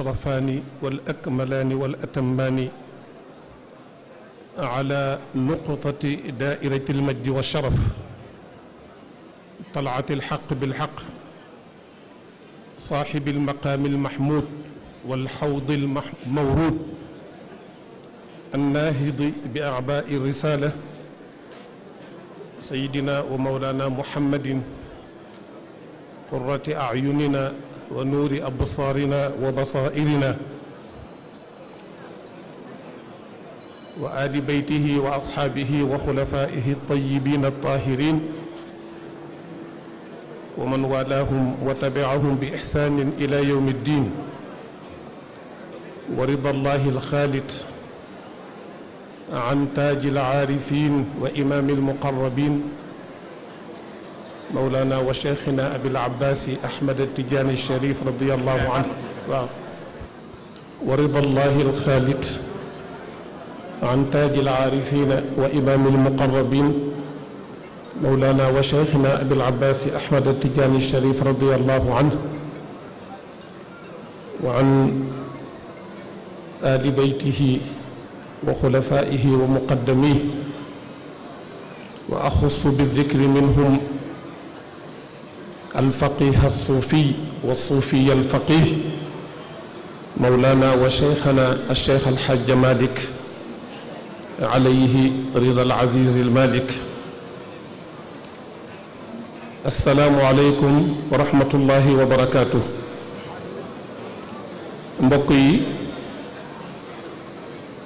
الأشرفان والأكملان والأتمان على نقطة دائرة المجد والشرف طلعة الحق بالحق صاحب المقام المحمود والحوض المورود الناهض بأعباء الرسالة سيدنا ومولانا محمد قرة أعيننا ونور أبصارنا وبصائرنا وآل بيته وأصحابه وخلفائه الطيبين الطاهرين ومن والاهم وتبعهم بإحسان إلى يوم الدين ورضا الله الخالد عن تاج العارفين وإمام المقربين مولانا وشيخنا أبي العباس أحمد التجاني الشريف رضي الله عنه ورضا الله الخالد عن تاج العارفين وإمام المقربين مولانا وشيخنا أبي العباس أحمد التجاني الشريف رضي الله عنه وعن آل بيته وخلفائه ومقدميه وأخص بالذكر منهم الفقيه الصوفي والصوفي الفقيه مولانا وشيخنا الشيخ الحاج مالك عليه رضا العزيز المالك السلام عليكم ورحمة الله وبركاته مبقي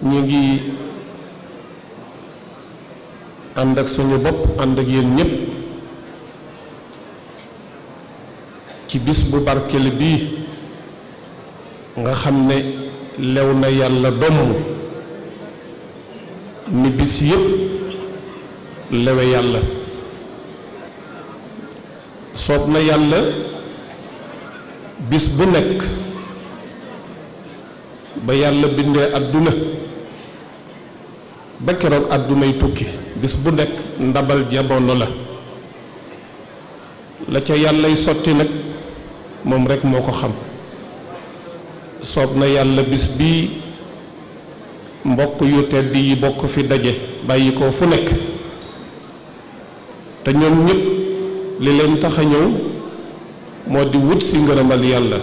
نيجي عندك سنة بوب عندك يل ci bis bu barkeel bii nga xam ne lew na yàlla domm ni bis yépp lewe yàlla soob na yàlla bis bu nekk ba yàlla bindee àdduna ba keroog àddunay tukki bis bu nekk ndabal jabono la la ca yàllay sotti nag moom rek moo ko xam soob na yàlla bis bi mbokk yu tedd yi bokk fi daje bàyyi ko fu nekk te ñoom ñëpp li leen tax a ñëw moo di wut si ngërëmal yàlla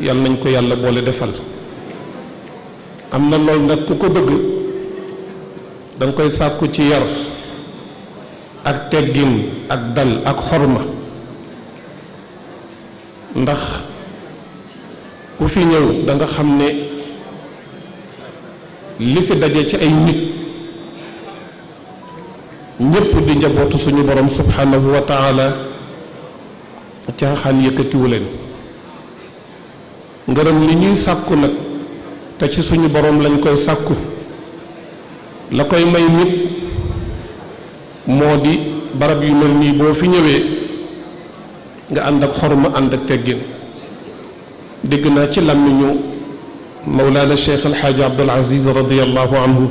yàlla nañ ko yàlla boole defal am na loolu nag ku ko bëgg danga koy sàkku ci yar ak teggin ak dal ak xorma ndax ku fi ñëw danga xam ne li fi daje ci ay nit ñépp di njabootu suñu borom subhanahu wa taala caaxaan yëkkatiwu leen ngërëm li ñuy sàkku nag te ci suñu boroom lañ koy sàkku la koy may nit moo di barab yu mel nii boo fi ñëwee nga ànd ak xorma ànd ak teggin deg na ci làmmiñu mawlana cheikh alxaaji abdul aziz radiyallahu anhu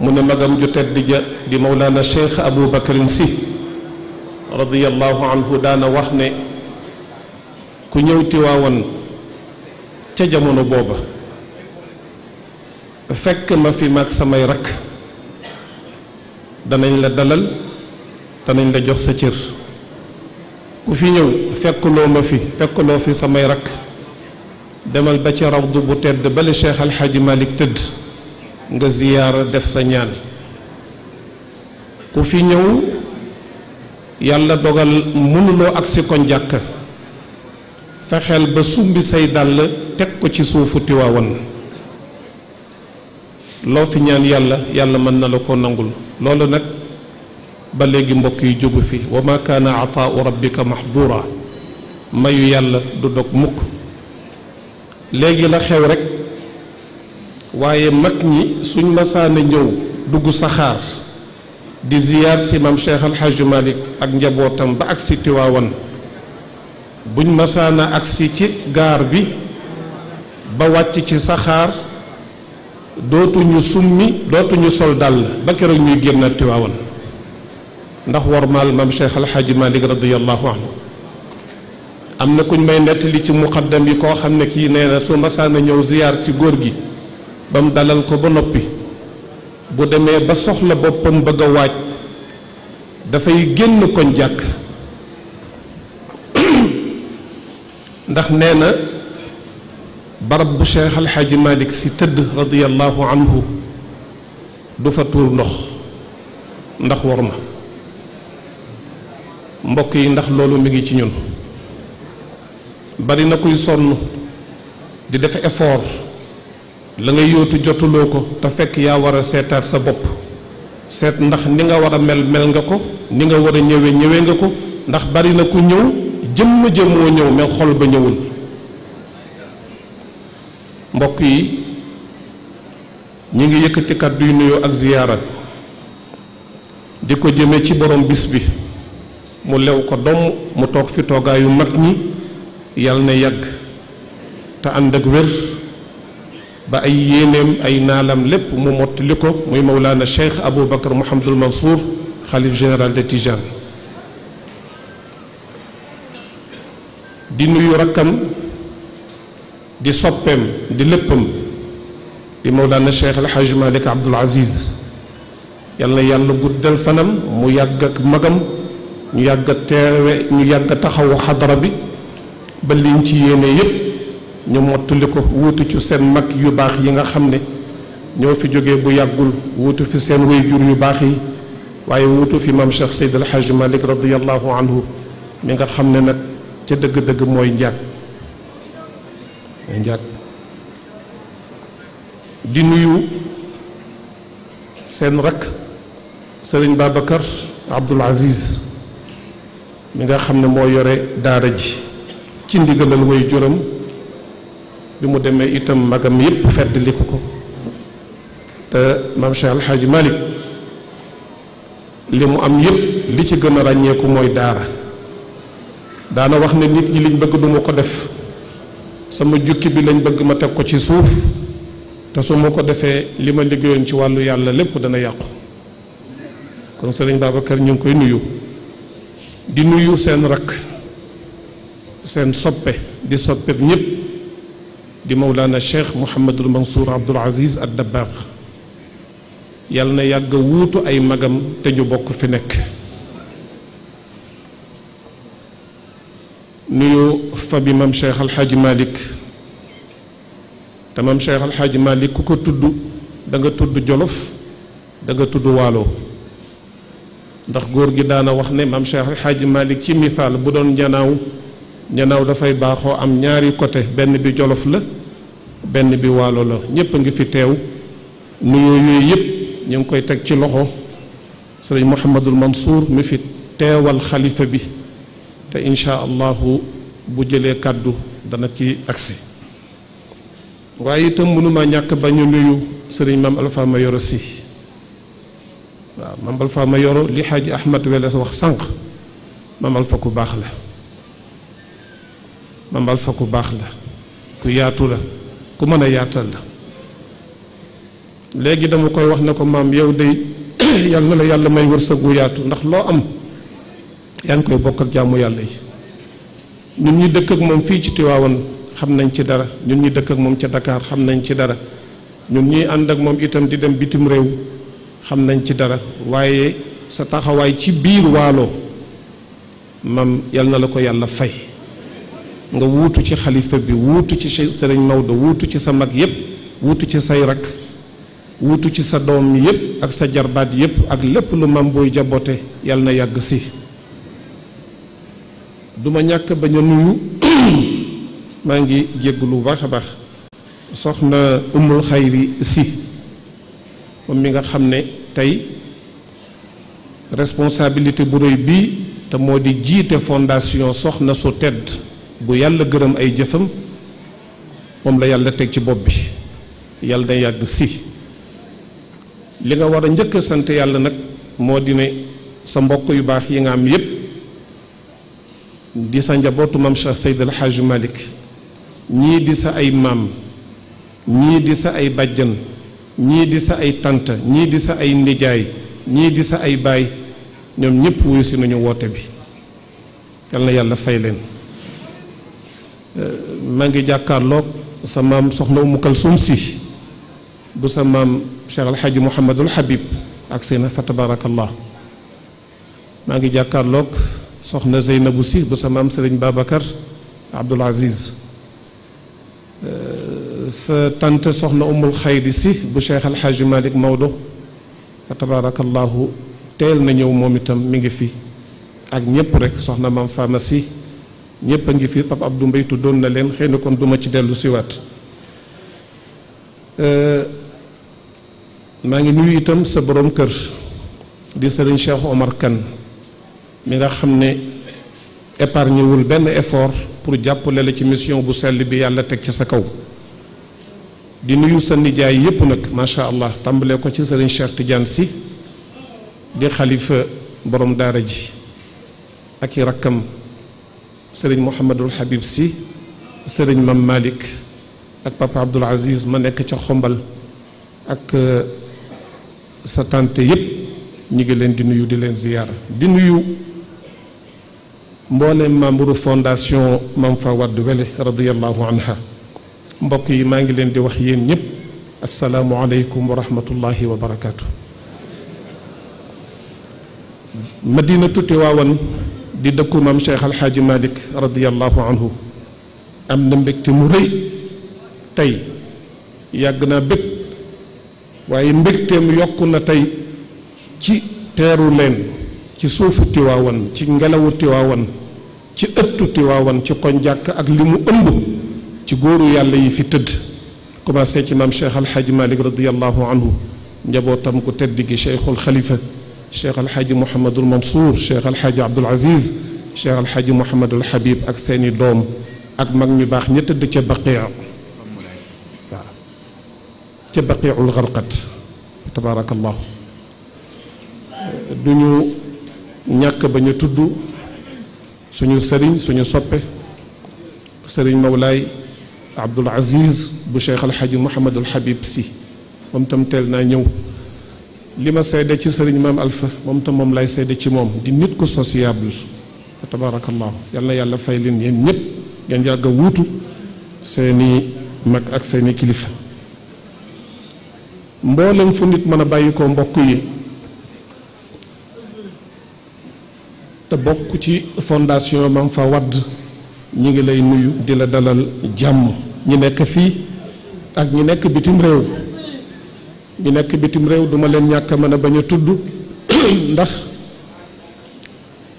mu ne magam ju tedd ja di mawlana cheikh abou bakr si radiyallahu anhu dana wax ne ku ñëw ti tiwaawan ca jamono boba fekk ma fi mak samay rak danañ la dalal danañ la jox sa cër ku fi ñëw fekkuloo ma fi fekkuloo fi samay rakk demal ba ci rawdu bu tedd bale Cheikh Al Hadj tëdd nga ziyaara def sa ñaan ku fi ñëw yàlla dogal mënuloo ak ko koñ jàkk fexeel ba sumbi say dàll teg ko ci suufu tiwaawan loo fi ñaan yàlla yàlla mën na la ko nangul loolu nag بلغي مبكي جوغ في وما كان عطاء ربك محظورا ما يلا دودوك موك لغي لا خيو رك وايي ماكني سوني مسانا نيو دوغ سخار دي زيار سي مام شيخ الحاج مالك اك نجابوتام با اك سيتوا وان بون مسانا اك سيتي غار بي با واتي سي سخار دوتو ني سومي دوتو ني سول دال با كيرو ني غيرنا تيوا ndax war maal maam Cheikh El Hadj Malick radiyallahu anhu amna kuñ may netti ci muqaddam yi ko xamne ki neena nee na su masaana ñëw ziar ci gor gi bam dalal ko ba nopi bu deme ba soxla boppam bëgg a da fay génn koñ jak ndax neena barab bu Cheikh El Hadj Malick si tëdd radiyallahu anhu du fa tuur ndox ndax war ma mbokk yi ndax loolu mi ngi ci ñun bari na kuy sonn di defe effort la ngay yóotu jotuloo ko te fekk yaa war a seetaat sa bopp seet ndax ni nga war a mel mel nga ko ni nga war a ñëwee ñëwee nga ko ndax bari na ku ñëw jëmm jëm moo ñëw mais xol ba ñëwul mbokk yi ñu ngi yëkkati kàddu yu nuyoo ak ziyaara di ko jëme ci borom bis bi mu lew ko dom mu tok fi toogaayu mag ñi yal na yag ta ànd ak wér ba ay yenem ay nalam lépp mu mot liko muy mawlaana cheikh abou bakr mohammed al mansour khalif général de tijan di nuyu rakam di soppeem di léppam di mawlaana cheikh al alxaaj malik abdul aziz yalla yàlla guddal fanam mu yàgg ak magam ñu yàgg a teewe ñu yàgg a taxawu xadara bi ba liñ ci yéene yépp ñu mottali ko wuutu ci seen mag yu baax yi nga xam ne ñoo fi jógee bu yàggul wuutu fi seen wayjur yu baax yi waaye wuutu fi maam Cheikh Seydil Hadj Malick radiyallahu anhu mi nga xam ne nag ca dëgg-dëgg mooy njaag njaag di nuyu seen rakk Serigne Babacar Abdoul Aziz mi nga xam ne moo yore daara ji ci ndigalal way juram bi mu demee itam magam yépp fedd liku ko te maam Cheikh Al li mu am yépp li ci gën a ràññeeku mooy daara daana wax ne nit ñi liñ bëgg du ko def sama jukki bi lañ bëgg ma teg ko ci suuf te su ma ko defee li ma liggéeyoon ci wàllu yàlla lépp dana yàqu kon sëriñ Babacar ñu ngi koy nuyu di nuyu seen rakk seen soppe di soppeb ñëpp di Mawlana Cheikh Mouhamadul Mansour Abdoul Aziz Al Dabbaax yàlla na yàgg a wuutu ay magam te ñu bokk fi nekk nuyu fa bi mam Cheikh Al malik Malick te mam Cheikh Al Hadj ku ko tudd da nga tudd Jolof danga nga tudd Waalo. ndax góor gi daana wax ne maam Cheikh Xaaji Malick ci misaal bu doon njanaaw njanaaw dafay baaxoo am ñaari côté benn bi jolof la benn bi waalo la ñépp a ngi fi teew nuyoo yooyu yëpp ñu ngi koy teg ci loxo sëriñ Mouhamadul Mansour mi fi teewal xalifa bi te incha allahu bu jëlee kàddu dana ci agsi waaye itam mënuma ñàkk ba ñu nuyu sëriñ maam Alpha Mayoro Sy waaw Mame Alpha ma yoro li xaaji Ahmad Wele sa wax sànq Mame Alpha ku baax la Mame Alpha ku baax la ku yaatu la ku mën a yaatal la léegi dama koy wax na ko maam yow de yal na la yàlla may wërsëg wu yaatu ndax loo am yaa ngi koy bokk jàmm yàlla yi ñun ñi dëkk ak moom fii ci Tiwaawan xam nañ ci dara ñun ñi dëkk ak moom ca dakaar xam nañ ci dara ñun ñuy ànd ak moom itam di dem bitim réew xam nañ ci dara waaye sa taxawaay ci biir waalo maam yal na la ko yàlla fay nga wuutu ci xalifa bi wuutu ci sëriñ Maodo wuutu ci sa mag yépp wuutu ci say rakk wuutu ci sa doom yépp ak sa jarbaat yépp ak lépp lu maam booy jaboote yal na yàgg si duma ñàkk bañ a nuyu maa ngi jégg lu baax a baax soxna umul xayri si moom mi nga xam ne tey responsabilité bu rëy bii te moo di jiite fondation soxna su tedd bu yàlla gërëm ay jëfam moom la yàlla teg ci bopp bi yàlla day yàgg si li nga war a njëkk a sant yàlla nag moo di ne sa mbokk yu baax yi nga am yépp di sa njabootu maam Cheikh Seyd El Hadj Malick ñii di sa ay maam ñii di sa ay bàjjan ñii di sa ay tante ñii di sa ay nijaay ñii di sa ay baay ñoom ñëpp wuyu si nañu woote bi yal na yàlla fay leen maa ngi jàkkaarloog sa maam soxna Umu Kalsum si bu sa maam Cheikh El Hadj Mouhamadul Habib ak seena fa tabarakallah maa ngi jàkkaarloog soxna Zeynabu si bu sa maam Serigne Babacar Abdoul Aziz. sa tante soxna umul xayri si bu cheikh alxaaji malik maodo fa tabarakallahu teel na ñëw moom itam mi ngi fi ak ñëpp rek soxna maam pharmacie ñëpp a ngi fi Pape Abdou Mbaye tuddoon na leen xëy na kon duma ci dellu siwaat maa ngi nuyu itam sa borom kër di sëriñ Cheikh Omar Kane mi nga xam ne épargne wul benn effort pour jàppale la ci mission bu sell bi yàlla teg ci sa kaw di nuyu sa nijaay yépp nag macha allah tàmbale ko ci sëriñ Cheikh Tidiane si di xalifa borom daara ji ak i rakkam sëriñ Mouhamadul Habib si sëriñ Mam malik ak papa abdul Aziz ma nekk ca xombal ak sa tante yépp ñu ngi leen di nuyu di leen ziyaara di nuyu mboolem membre fondation Mame Fawade Wele radiyallahu anha mbokk yi maa ngi leen di wax yéen ñëpp asalaamualeykum wa rahmatullahi wa barakaatu. madinatu waawan di dëkku maam Cheikh Al Hadj Malick radiyallahu anhu am na mbégte mu rëy tey yàgg naa bépp waaye mbégteem yokk na tey ci teeru leen ci suufu Tiwaawan ci ngelawu Tiwaawan ci ëttu Tiwaawan ci koñ jàkk ak li mu ëmb. ci góoru yàlla yi fi tëdd commencé ci maam cheikh alxaaji malik radiallahu anhu njabootam ku tedd gi cheikhul xalifa cheikh alxaaji mouhamadul mansour cheikh alxaaji abdul aziz cheikh alxaaji mouhamadul habib ak seeni doom ak mag ñu baax ña tëdd ca baqia waaw ca baqiul xarqat tabaarakallahu du ñu ñàkk ba ñu tudd suñu sëriñ suñu soppe sëriñ mawlaay عبد العزيز بشيخ الحاج محمد الحبيب سي ممتم تلنا نيو لما سيدة چي سرين الف ممتم مم لاي سيدة چي مام دي نتكو سوسيابل تبارك الله يالنا يالا فايلين ين نيب ينجا جاگا ووتو سيني مك اك سيني كليفة مبولم فنit مانا بايو كوم بقوي تبقو چي فونداسيو مام فاواد ñi ngi lay nuyu di la ñu nekk fii ak ñu nekk bitim réew ñu nekk bitim réew duma leen ñàkk a mën bañ a tudd ndax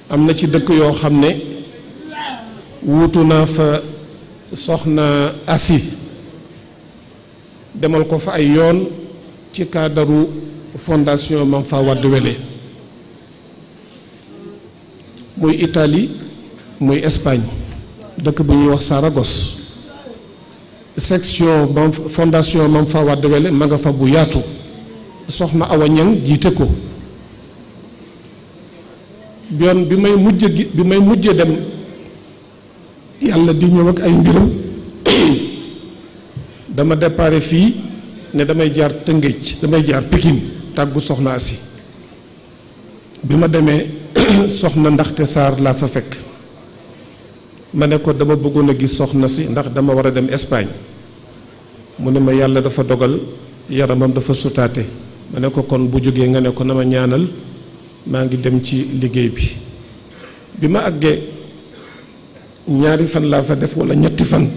am na ci dëkk yoo xam ne wuutu naa fa soxna asi demal ko fa ay yoon ci kaadaru fondation Mame Fawade Wellé muy itali muy Espagne dëkk bu ñuy wax saragos section fondasio, fondation mam fa wad ma nga fa bu yatu soxna awa ñang jité ko bion bi may mujjé bi may mujjé dem yalla di ñew ak ay mbirum dama déparé fi né damay jaar teungeej damay jaar pikine taggu soxna si bima démé soxna ndaxte sar la fa fek mané ko dama bëggona gis soxna si ndax dama wara dem espagne mu ne ma yàlla dafa dogal yaramam dafa sutaate ma ne ko kon bu jógee nga ne ko na ma ñaanal maa ngi dem ci liggéey bi bi ma àggee ñaari fan laa fa def walla ñetti fan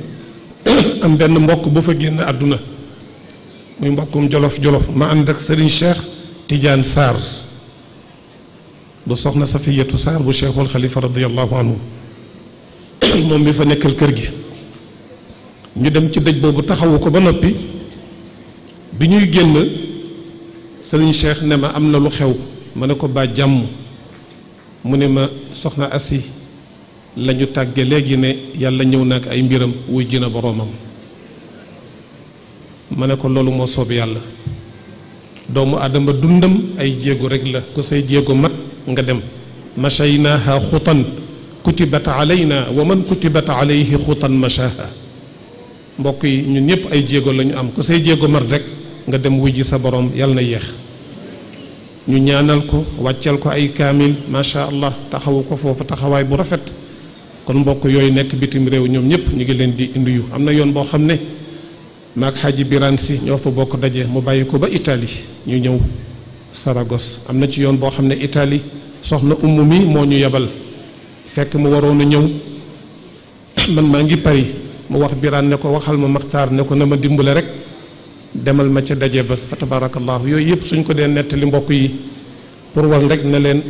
am benn mbokk bu fa génn àdduna muy mbokkum jolof jolof ma ànd ak Serigne Cheikh Tidiane Sarr bu soxna Safiyatu Sarr bu Cheikhul Xalifa radiyallahu anhu moom mi fa nekkal kër gi ñu dem ci dëj boobu taxawu ko ba noppi bi ñuy génn sëriñ Cheikh ne ma am na lu xew ma ne ko ba jàmm mu ne ma soxna assi lañu tàgge léegi ne yàlla ñëw na ay mbiram wuy jina boroomam ma ne ko loolu moo soob yàlla doomu aadama dundam ay jéego rek la ku say jéego mat nga dem mashaynaaha xutan kutibat alayna wa man kutibat alayhi xutan mashaha mbokk yi ñun ñëpp ay jéego lañu am ku say jéego mat rek nga dem wuy ji sa boroom yàlla na yéex ñu ñaanal ko wàccal ko ay kaamil macha allah taxawu ko foofu taxawaay bu rafet kon mbokk yooyu nekk bitim réew ñoom ñëpp ñu ngi leen di indi yu am na yoon boo xam ne maag xaaji Birane si ñoo fa bokk daje mu bàyyi ko ba Italie ñu ñëw saragos am na ci yoon boo xam ne Italie soxna umm mi moo ñu yebal fekk mu waroon a ñëw man maa ngi Paris mu wax biraan ne ko waxal ma maxtaar ne ko na ma dimbale rek demal ma ca daje ba fa tabaarakallaahu yooyu yëpp suñ ko dee nettali mbokk yi pour war rek ne leen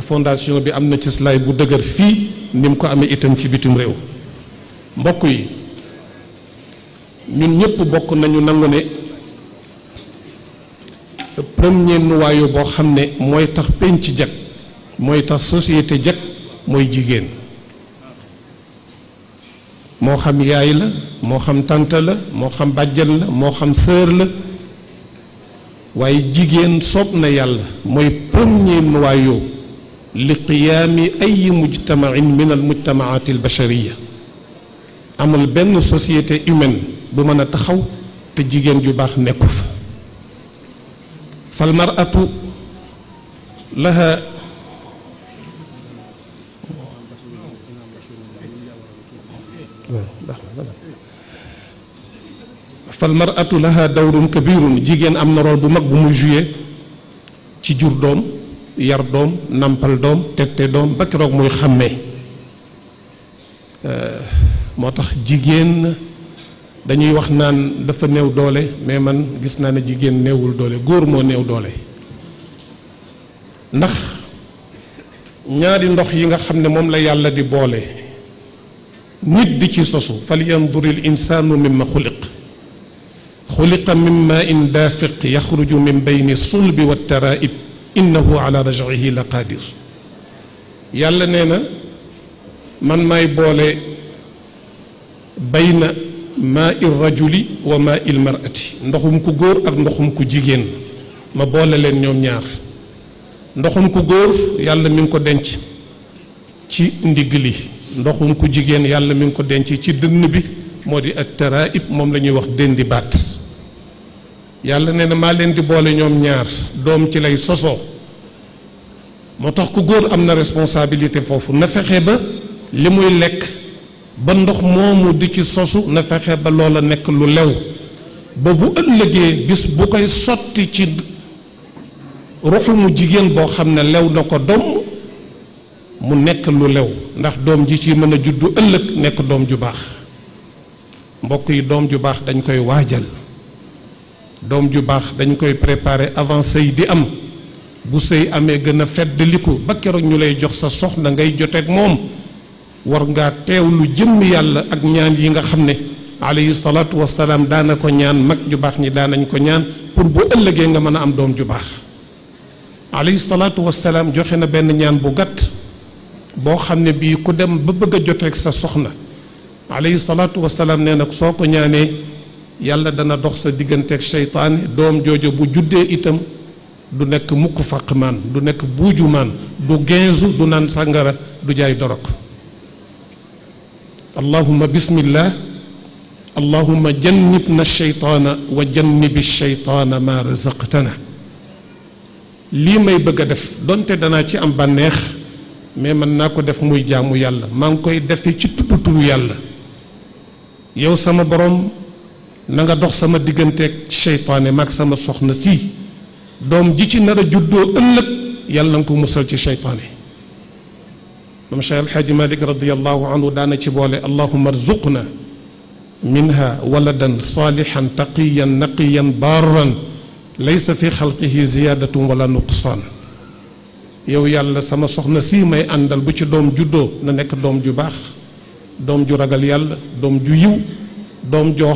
fondation bi am na cëslaay bu dëgër fii ni mu ko amee itam ci bitim réew mbokk yi ñun ñëpp bokk nañu nangu ne premier nuwaayu boo xam ne mooy tax penc jag mooy tax société jag mooy jigéen moo xam yaay la moo xam tante la moo xam bàjjan la moo xam sœur la waaye jigéen soob na yàlla mooy premier noyau li qiyaami ay mujtamain min al mujtamaat al bashariya amul benn société humaine bu mën a taxaw te jigéen ju baax nekku fa fal maratu laha فالمراه لها دور كبير جيجن امنا رول بو ماك بو دوم يار دوم نامبال دوم تيتي دوم باكروك مو خامي euh موتاخ جيجن دانيي واخ نان نيو دولي ميمن مان غيس نيو دولي غور مو نيو دولي نخ نياري ندوخ ييغا خامني موم لا يالا دي بوله نيت دي تي سوسو فلينظر الانسان مما خلق خلق من ماء دافق يخرج من بين الصلب والترائب انه على رجعه لقادر يالا نينا من ماي بولي بين ماء الرجل وماء المراه ندخوم كو غور اك ندخوم كو جيجين ما بول لين نيوم نياار ندخوم كو غور يالا مين كو دنت تي نديغلي ندخوم كو جيجين يالا مين كو دنت تي دن مودي الترائب موم لا نيي واخ دندي بات yàlla nee na maa leen di boole ñoom ñaar doom ci lay sosoo moo tax ku góor am na responsabilité foofu na fexe ba li muy lekk ba ndox moomu di ci sosu na fexe ba loola nekk lu lew ba bu ëllëgee bis bu koy sotti ci ruxumu jigéen boo xam ne lew na ko doom mu nekk lu lew ndax doom ji ci mën a juddu ëllëg nekk doom ju baax mbokk yi doom ju baax dañ koy waajal doom ju baax dañu koy préparer avant sëy di am bu sëy amee gën a fedd li ko ba keroog ñu lay jox sa soxna ngay joteeg moom war ngaa teew lu jëm yàlla ak ñaan yi nga xam ne alayhi salaatu wasalaam daana ko ñaan mag ju baax ñi daanañ ko ñaan pour bu ëllëgee nga mën a am doom ju baax alayhi salaatu wasalaam joxe na benn ñaan bu gàtt boo xam ne bii ku dem ba bëgg a joteeg sa soxna alayhi salaatu wasalaam nee nag soo ko ñaanee yàlla dana dox sa digganteeg seytaane doom joojo bu juddee itam du nekk mukk faq maan du nekk buuju maan du genzu du naan sàngara du jaay dorog allahuma bismillah allahuma jannibna sheytaana wa jannibi sheytaana ma razaqtana lii may bëgg a def donte danaa ci am bànneex mais mën naa ko def muy jaamu yàlla maa ngi koy defe ci tudd turu yàlla yow sama borom nga dox sama ak shaytané mak sama soxna si dom ji ci nara juddo ëlëk yàlla na nga ko mussal ci seytaane mam cheikh alxaaji malik radiyallahu anhu dana ci bolé allahumma rzuqna minha waladan salihan تقيا نقيا barran ليس في خلقه ziyadatun ولا نقصان يو يالا sama سخنا سي may àndal بو ci doom juddoo na nekk doom ju baax doom ju ragal yàlla doom ju yiw doom joo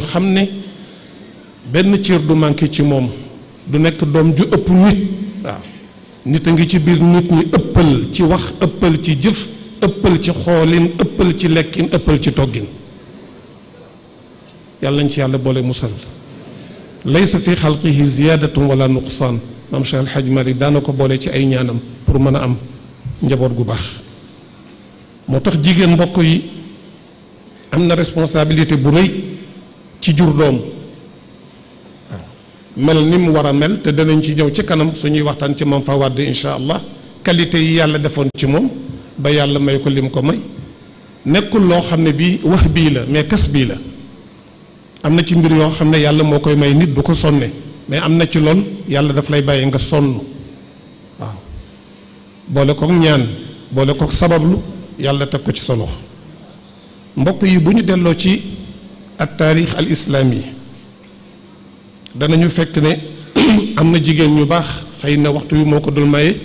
ben ciir du manqué ci mom du nek dom ju ëpp nit nit nga ci bir nit ñi ëppal ci wax ëppal ci jëf ëppal ci xoolin ëppal ci lekkin ëppal ci toggin yàlla nañ ci yàlla bolé musal laysa fi khalqihi ziyadatun wala nuqsan mam Cheikh Alhaj Mari danako bolé ci ay ñaanam pour mëna am njabot gu bax motax jigen mbokk yi amna responsabilité bu reuy ci jur dom mel ni mu war a mel te danañ ci ñëw ci kanam suñuy waxtaan ci Mame Fawade incha allah qualité yi yàlla defoon ci moom ba yàlla may ko lim ko may nekkul loo xam ne bii wax bii la mais kas bii la am na ci mbir yoo xam ne yàlla moo koy may nit du ko sonne mais am na ci lool yàlla daf lay bàyyi nga sonn waaw boole kook ñaan boole kook sabablu yàlla teg ko ci sa loxo mbokk yi bu ñu delloo ci at taarix al islaami danañu fekk ne am na jigéen ñu baax xëy na waxtu wi moo ko dul maye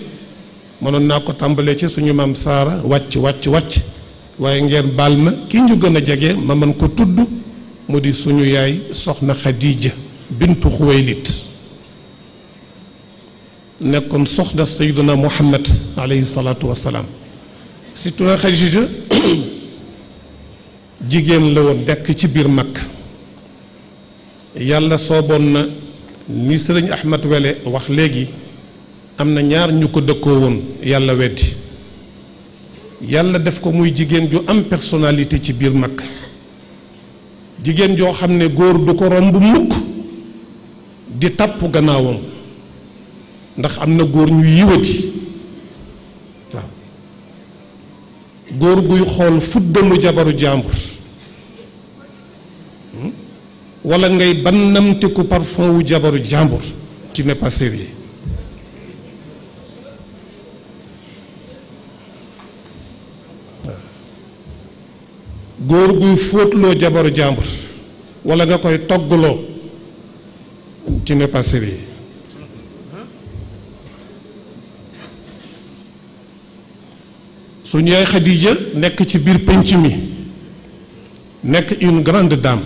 mënoon naa ko tàmbalee ci suñu maam Saara wàcc wàcc wàcc waaye ngeen baal ma ki ñu gën a jege ma mën ko tudd mu di suñu yaay soxna Xadiija bintu Xuwaylit nekkoon soxna Seydina Muhammad aleyhi salaatu wa salaam surtout Xadiija jigéen la woon dekk ci biir mag yàlla sooboon na ni sëriñ Ahmed Wele wax léegi am na ñaar ñu ko dëkkoo woon yàlla weddi yàlla def ko muy jigéen ju am personnalité ci biir mag jigéen joo xam ne góor du ko romb mukk di tàpp gannaawam ndax am na góor ñu yiwati waaw góor guy xool fuddalu jabaru jàmbur walla ngay bannamtiku parfum wu jabaru jàmbur tu n'es pas sérieux góor guy fóotloo jabaru jàmbur walla nga koy toggloo tu n'es pas sérieux suñu yaay nekk ci biir penc mi nekk une grande dame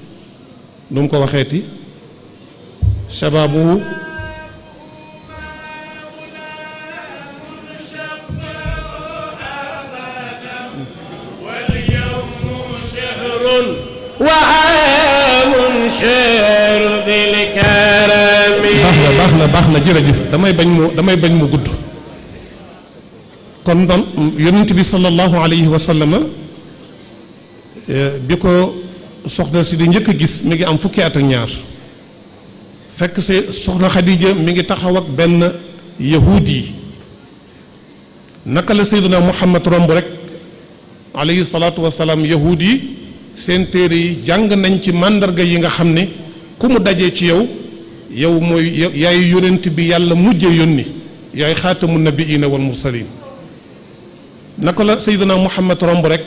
nu mu ko waxeeti sababu baax na baax na jërëjëf damay bañ mu damay bañ mu gudd kon donc yonent bi sallallahu alayhi wa sallam bi ko soxna si di njëkk a gis mu ngi am fukki at ak ñaar fekk si soxna Xadija mi ngi taxaw ak benn yahuud yi naka la Seydina Muhammad romb rek alayhi salaatu wasalaam yahuud yi seen téere yi jàng nañ ci màndarga yi nga xam ne ku mu dajee ci yow yow mooy yaay yónent bi yàlla mujje yónni yaay xaatamu nabiina wal mursalin naka la Seydina Muhammad romb rek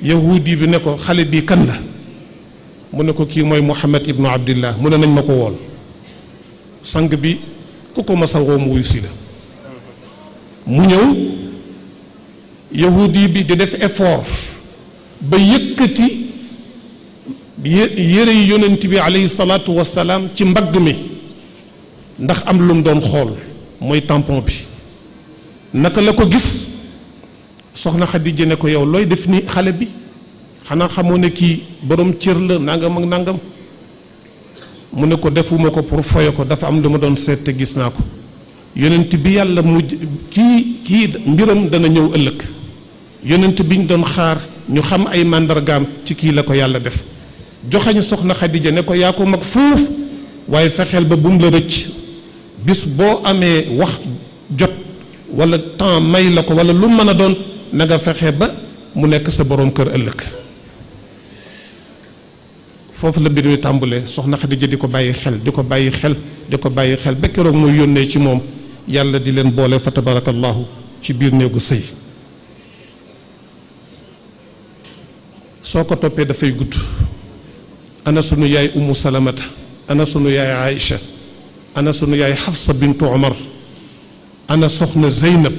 yahuud yi bi ne ko xale bii kan la mu ne ko kii mooy Muhammad ibnu Abdillah mu ne nañ ma ko wool sang bi ku ko masa woo mu wuyu si la mu ñëw yahudi bi di def effort ba yëkkati yére yi yonent bi alayhi salaatu wasalaam ci mbagg mi ndax am lu mu doon xool mooy tampon bi naka la ko gis soxna Xadija ne ko yow looy def ni xale bi xanaa xamoo ne kii borom cër la nangam ak nangam mu ne ko defuma ko pour foye ko dafa am lu ma doon seet te gis naa ko yonent bi yàlla mujj kii kii mbiram dana ñëw ëllëg yonent bi ñu doon xaar ñu xam ay màndargaam ci kii la ko yàlla def joxañu soxna Xadija ne ko yaa ko mag fuuf waaye fexeel ba bum la rëcc bis boo amee wax jot walla temps may la ko wala lu mën a doon na nga fexe ba mu nekk sa boroom kër ëllëg fofu la mbir mi tambulé soxna khadija diko ko bàyyi xel diko ko bàyyi xel diko ko bàyyi xel bekkero mo yonne ci mom yàlla di len bolé fa tabarakallah ci bir néegu sëy soko topé da fay gudd ana sunu yaay ummu salamata ana sunu yaay aisha ana sunu yaay hafsa bint umar ana soxna zainab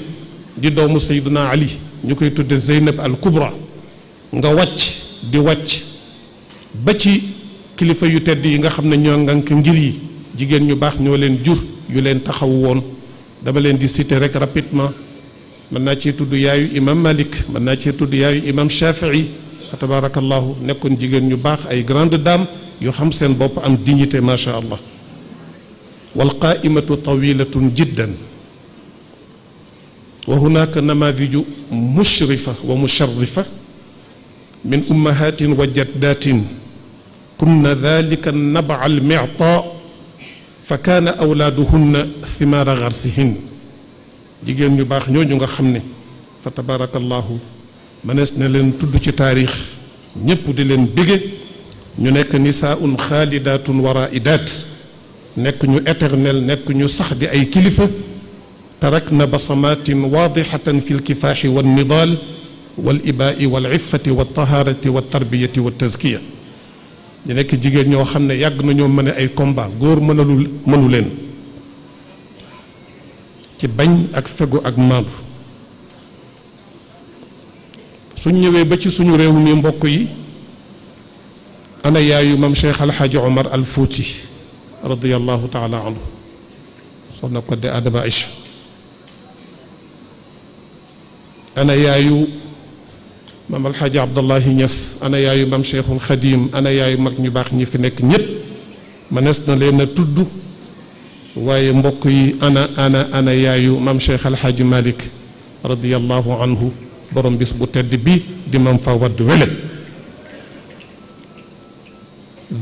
di doomu sayyidina ali ñukoy tudde zainab al kubra nga wàcc di wàcc ba ci kilifa yu tedd yi nga xam ne ñoo ngànk ngir yi jigéen ñu baax ñoo leen jur yu leen taxaw woon dama leen di citer rek rapidement man naa ci tudd yaayu imam malik man naa ci tudd yaayu imam shafii fa tabarakallahu nekkoon jigéen ñu baax ay grande dame yu xam seen bopp am dignité ma sha allah wal qaimatu tawilatun jiddan wa hunaka namadiju mushrifa wa musharrifa min ummahatin wa jaddatin كن ذلك النبع المعطاء فكان أولادهن ثمار غرسهن جيجين يباخ نيو نيو فتبارك الله منس نلن تدو تاريخ نيب دي لن بيجي نيو نساء خالدات ورائدات نك نيو اترنل نك نيو سخد أي كلفة تركنا بصمات واضحة في الكفاح والنضال والإباء والعفة والطهارة والتربية والتزكية ñu nekk jigéen ñoo xam ne yàgg nañoo mën ay combat góor mënalul mënu leen ci bañ ak fegu ak maandu suñ ñëwee ba ci suñu réew mi mbokk yi ana yaayu mam cheikh alxaaji omar al fouti radiallahu taala anhu soxna ko de adama aïcha ana yaayu مام الحاج عبد الله نيس انا ياي مام شيخ الخديم انا ياي ماك ني باخ ني في نيك نيب ما نسنا لينا تود واي مبوكي انا انا انا ياي مام شيخ الحاج مالك رضي الله عنه بروم بس بو تيد بي دي مام فواد ويل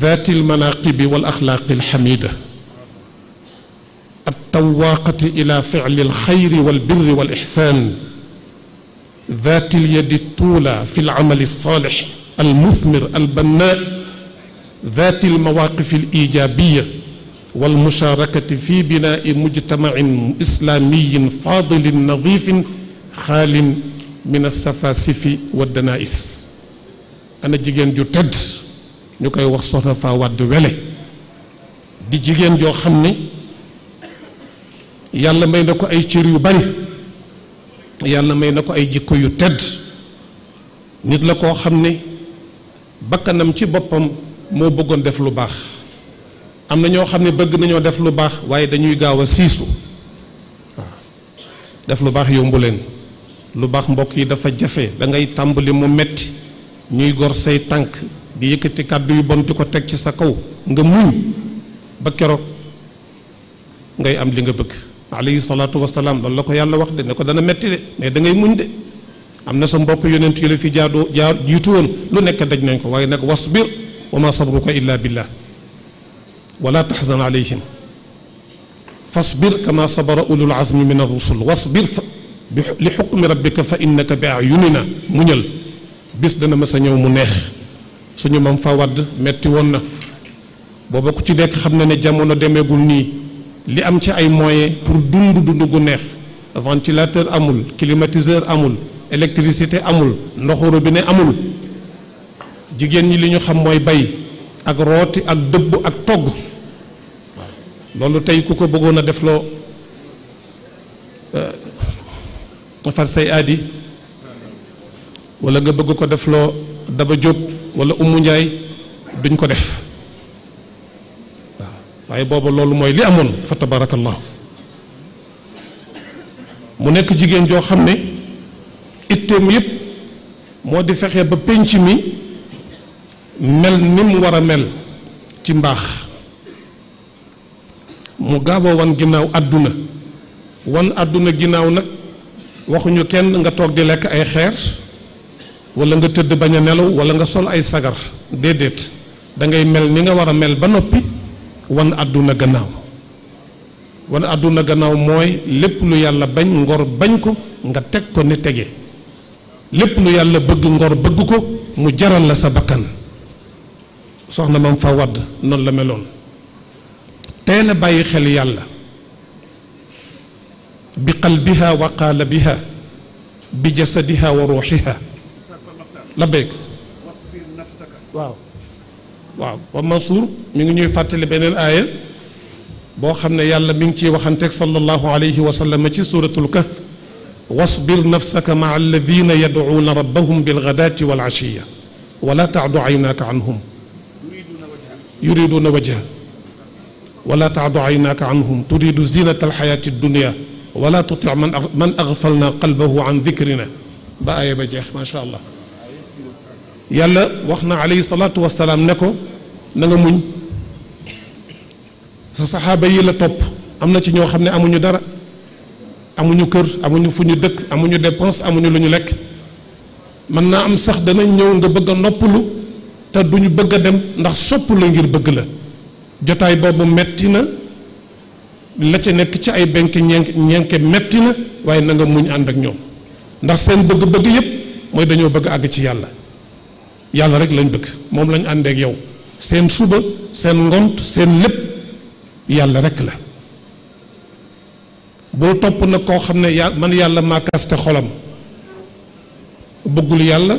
ذات المناقب والاخلاق الحميده التواقه الى فعل الخير والبر والاحسان ذات اليد الطولى في العمل الصالح المثمر البناء ذات المواقف الإيجابية والمشاركة في بناء مجتمع إسلامي فاضل نظيف خال من السفاسف والدنائس أنا جيجين جو تد نيوكاي واخ سوخنا فا واد ويلي دي جيجين جو خامني يالا ماي نكو اي تير يو بري yàlla may na ko ay jikko yu tedd nit la koo xam ne bakkanam ci boppam moo bëggoon def lu baax am na ñoo xam ne bëgg nañoo def lu baax waaye dañuy gaaw a siisu def lu baax yombu leen lu baax mbokk yi dafa jafe da ngay tàmbali mu metti ñuy gor say tànk di yëkkati kàddu yu bon di ko teg ci sa kaw nga muñ ba keroog ngay am li nga bëgg عليه الصلاة والسلام لا لقى الله وحده نقدر نمتيل ندعي مند أمنا سبب كيونين تيلي في جارو جار يتوهم لونك دجنك وينك وصبر وما صبرك إلا بالله ولا تحزن عليهم فاصبر كما صبر أولو العزم من الرسل واصبر لحكم ربك فإنك بأعيننا منيل بس دنا مسني ومنخ سني من فواد متي ون بابا كتير خبنا نجمونا دم يقولني li am ci ay moyens pour dund dund gu neex ventilateur amul climatiseur amul électricité amul bi ne amul jigéen ñi li ñu xam mooy bay ak rooti ak dëbb ak togg loolu tey ku ko bëggoon a def loo euh, far say aadi wala nga bëgg ko def loo daba jóob wala umu njaay duñ ko def waye bobu lolou moy li amone fa tabarakallahu mu nek jigen jo xamne item modi ba mi mel nim wara mel ci mbax mu gabo wan ginnaaw aduna, wan aduna nak waxu ñu kenn nga tok di lek ay xeer wala nga teud baña wala nga sol ay sagar dedet da ngay mel ni nga wara mel ba nopi wan àdduna gannaaw wan àdduna gannaaw mooy lépp lu yàlla bañ ngor bañ ko nga teg ko ni tege lépp lu yàlla bëgg ngor bëgg ko mu jaral la sa bakkan soxna mam fa wadd noonu la meloon teena bàyyi xel yàlla bi qalbiha wa qaalabiha bi jasadiha wa ruuxiha la béyk waaw ومنصور من ني فاتل بنين آية بو يالا مين كي صلى الله عليه وسلم في سورة الكهف واصبر نفسك مع الذين يدعون ربهم بالغداة والعشية ولا تعد عيناك عنهم يريدون وجهه ولا تعد عيناك عنهم تريد زينة الحياة الدنيا ولا تطع من أغفلنا قلبه عن ذكرنا بآية بجيخ ما شاء الله yàlla wax na alayhi salaatu wasalaam ne ko na nga muñ sa saxaaba yi la topp am na ci ñoo xam ne amuñu dara amuñu kër amuñu fu ñu dëkk amuñu dépense amuñu lu ñu lekk mën naa am sax dana ñëw nga bëgg a noppalu te duñu bëgg a dem ndax sopp la ngir bëgg la jotaay boobu metti na la ca nekk ci ay benk ñenk ñenke metti na waaye na nga muñ ànd ak ñoom ndax seen bëgg-bëgg yépp mooy dañoo bëgg àgg ci yàlla yàlla rek lañ dëkk moom lañu àndeek yow seen suba seen ngont seen lépp yàlla rek la bul topp nag koo xam ne yàlla man yàlla maa kaste xolam bëggul yàlla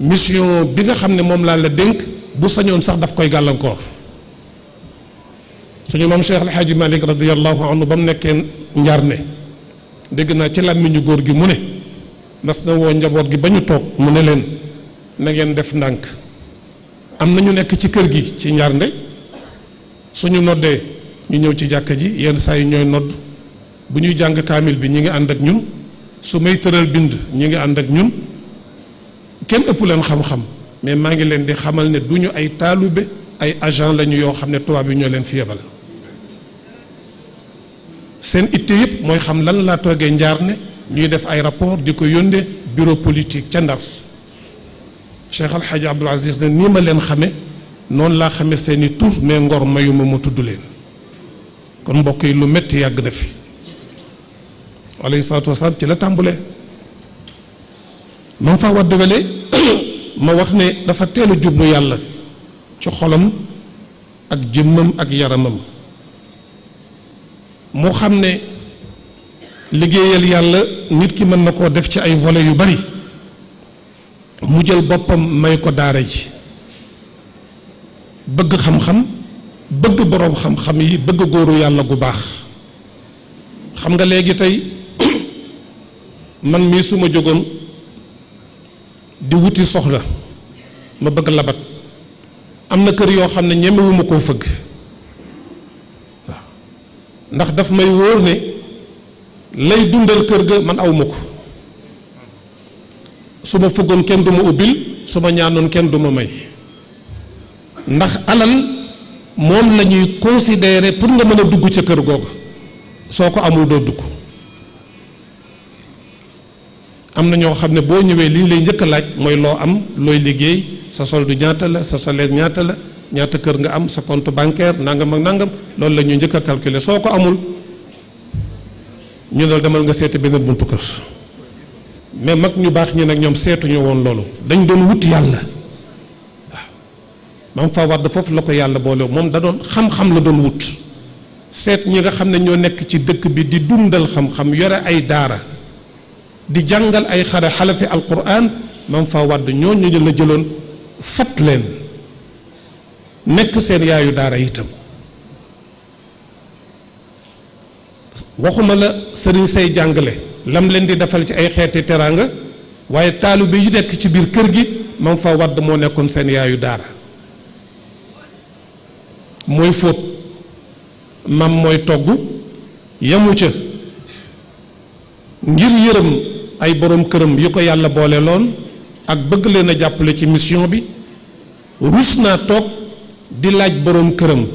mission bi nga xam ne moom laa la dénk bu sañoon sax daf koy gàllankoor suñu maam Cheikh El Hadj Malick radiyallahu anhu ba mu nekkee njaar ne dégg naa ci làmmiñu góor gi mu ne mas na woo njaboot gi ba ñu toog mu ne leen na ngeen def ndànk am na ñu nekk ci kër gi ci njarnde suñu noddee ñu ñëw ci jàkka ji yenn saa yi ñooy nodd bu ñuy jàng kaamil bi ñu ngi ànd ak ñun su may tëral bind ñu ngi ànd ak ñun kenn ëpp leen xam-xam mais maa ngi leen di xamal ne du ñu ay taalube ay agent lañu yoo xam ne tubaab yi ñoo leen fi yebal seen itte yëpp mooy xam lan laa toogee njaar ne ñuy def ay rapport di ko yónnee bureau politique ca Ndar Cheikh Al Hadj Abdoul Aziz ne nii ma leen xame noonu laa xame seeni tur mais ngor mayuma ma tudd leen kon mbokk yi lu metti yàgg na fi alayhi salaatu wasalaam ci la tàmbulee ma fa wadd wele ma wax ne dafa teel a jublu yàlla ci xolam ak jëmmam ak yaramam mu xam ne liggéeyal yàlla nit ki mën na koo def ci ay volets yu bari mu jël boppam may ko daara ji bëgg xam-xam bëgg boroom xam-xam yi bëgg góoru yàlla gu baax xam nga léegi tey man mii su ma jógoon di wuti soxla ma bëgg labat am na kër yoo xam ne ñemewuma koo fëgg ndax daf may wóor ne lay dundal kër ga man awma ko su ma fëggoon kenn duma ubbil su ma ñaanoon kenn du ma may ndax alal moom lañuy ñuy pour nga mën a dugg ca kër googa soo ko amul doo dugg am na ñoo xam ne boo ñëwee li ñu lay njëkk laaj mooy loo am looy liggéey sa du ñaata la sa salaire ñaata la ñaata kër nga am sa compte bancaire nangam ak nangam loolu lañuy ñuy njëkk a calculer soo ko amul ñu ne demal nga seeti beneen buntu kër. mais mag ñu baax ñi nag ñoom seetuñu woon loolu dañ doon wut yàlla waaw maam fa wàdd foofu la ko yàlla boole moom da doon xam-xam la doon wut seet ñi nga xam ne ñoo nekk ci dëkk bi di dundal xam-xam yore ay daara di jàngal ay xare xalafi alquran maam fa wàdd ñooñu ñu la jëloon fat leen nekk seen yaayu daara itam waxuma la sëriñ say jàngale lam leen di defal ci ay xeeti teraanga waaye taalibe yu nekk ci biir kër gi mam fa wadd moo nekkoon seen yaayu daara mooy fóot mam mooy togg yamu ca ngir yërëm ay borom këram yu ko yàlla boole loon ak bëgg leen a jàppale ci mission bi ruus naa toog di laaj boroom këram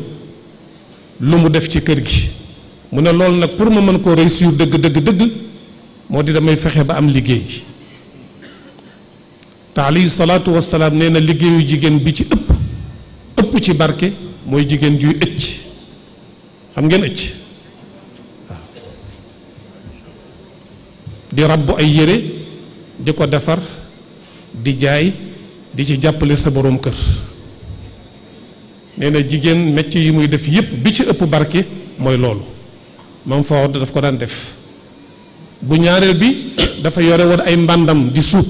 lu mu def ci kër gi mu ne loolu nag pour ma mën koo réussir dëgg dëgg dëgg moo di damay fexe ba am liggéey te alayhi salaatu wasalaam nee na liggéeyu jigéen bi ci ëpp ëpp ci barke mooy jigéen juy ëcc xam ngeen ëcc waaw di rabbu ay yére di ko defar di jaay di ci jàppale sa boroom kër nee na jigéen mecc yi muy def yépp bi ci ëpp barke mooy loolu moom foo daf ko daan def bu ñaareel bi dafa yore woon ay mbàndam di suub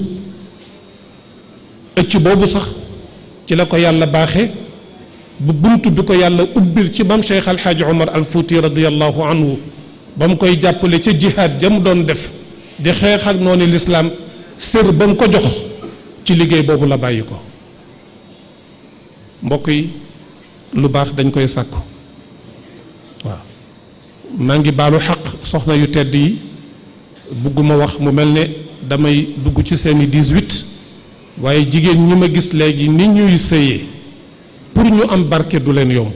ëcc boobu sax ci la ko yàlla baaxe bu bunt bi ko yàlla ubbil ci bam Cheikh Alxaaji Omar al Fuuti radiallahu anhu ba mu koy jàppale ca jihaad ja mu doon def di xeex ak noonu lislaam sër ba mu ko jox ci liggéey boobu la bàyyi ko mbokk yi lu baax dañ koy sàkku waaw maa ngi baalu xaq soxna yu tedd yi bugguma wax mu mel ni damay dugg ci seeni 18 waaye jigéen ñi ma gis léegi ni ñuy sëyee pour ñu am barke du leen yomb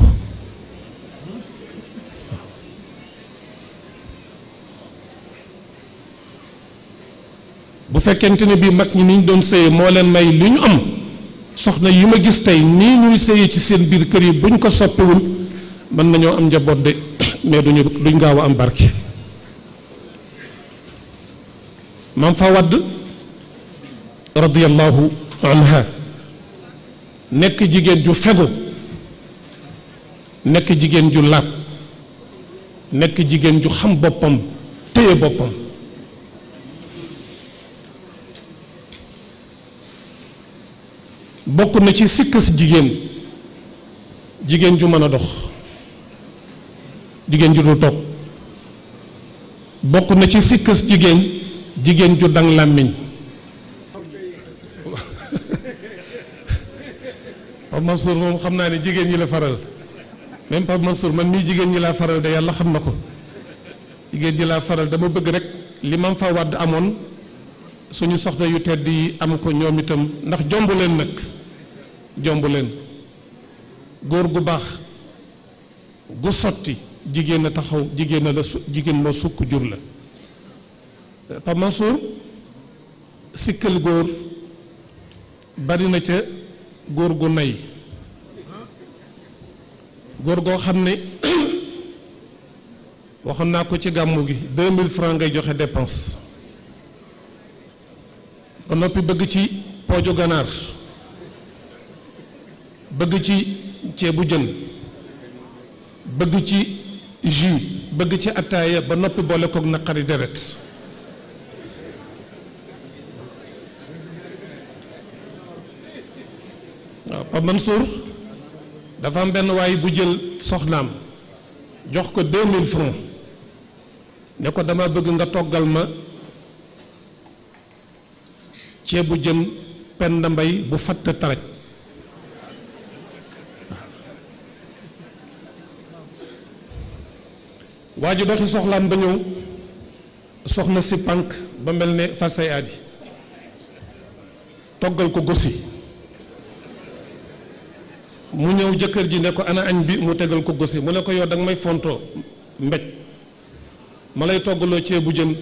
bu fekkente ne bii mag ñi ni ñu doon sëyee moo leen may li ñu am soxna yi ma gis tey nii ñuy sëyee ci seen biir kër yi buñ ko soppiwul mën nañoo am njaboot de mais duñu duñ gaaw a am barke mam fa wadd radiyallahu anha nekk jigéen ju fegu nekk jigéen ju laab nekk jigéen ju xam boppam téye boppam bokk na ci sikkas jigéen jigéen ju mën a dox jigéen ju dul toog bokk na ci sikkas jigéen Jigen ju dang làmmiñ pa Mansour mom xamna ni jigen yi la faral même pa Mansour man mi jigen yi la faral de yalla xam nako jigen yi la faral dama bëgg rek li mam fa wad amone suñu soxna yu tedd yi am ko ñoom itam ndax jombu len nak jombu len gor gu bax gu soti jigen na taxaw jigen la su sukk jur la Pape Mansour sikkal góor bari na ca góor gu nay góor goo xam ne waxoon naa ko ci gàmmu gi 2000 francs ngay joxe dépense ba noppi bëgg ci poojo ganaar bëgg ci ceebu jën bëgg ci jus bëgg ci attaaya ba noppi boole koog naqari deret waaw Pape dafa am benn waay bu jël soxnaam jox ko 2000 francs ne ko dama bëgg nga toggal ma ceebu jëm pend mbay bu fatt taraj waa ji doxi soxlaam ba ñëw soxna si pànk ba mel ne farsay aadi toggal ko gosi mu ñëw jëkkër ji ne ko ana añ bi mu tegal ko gosi mu ne ko yow danga may fontoo mbéj ma lay toggaloo ceebu jën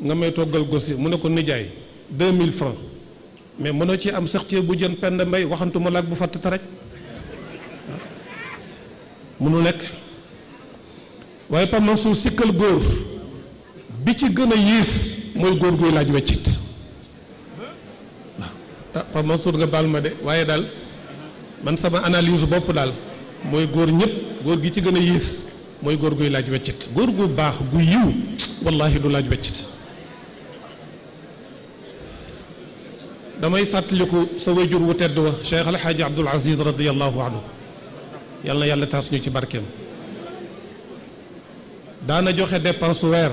nga may toggal gosi mu ne ko nijaay 2000 francs mais mënoo ci am sax ceebu jën pend mbay waxantuma laag bu fatt taraj mënu nekk waaye Pape Mansour sikkal góor bi ci gën a yiis mooy góor guy laaj weccit waaw ah Pape Mansour nga baal ma de waaye daal man sama analyse bopp daal mooy góor ñëpp góor gi ci gën a yiis mooy góor guy laaj weccit góor gu baax gu yiw wallaahi du laaj weccit damay fàttaliku sa wayjur wu tedd wa Cheikh El Hadj Abdoul Aziz radiyallahu yàlla yàlla taas ñu ci barkeem daana joxe dépense weer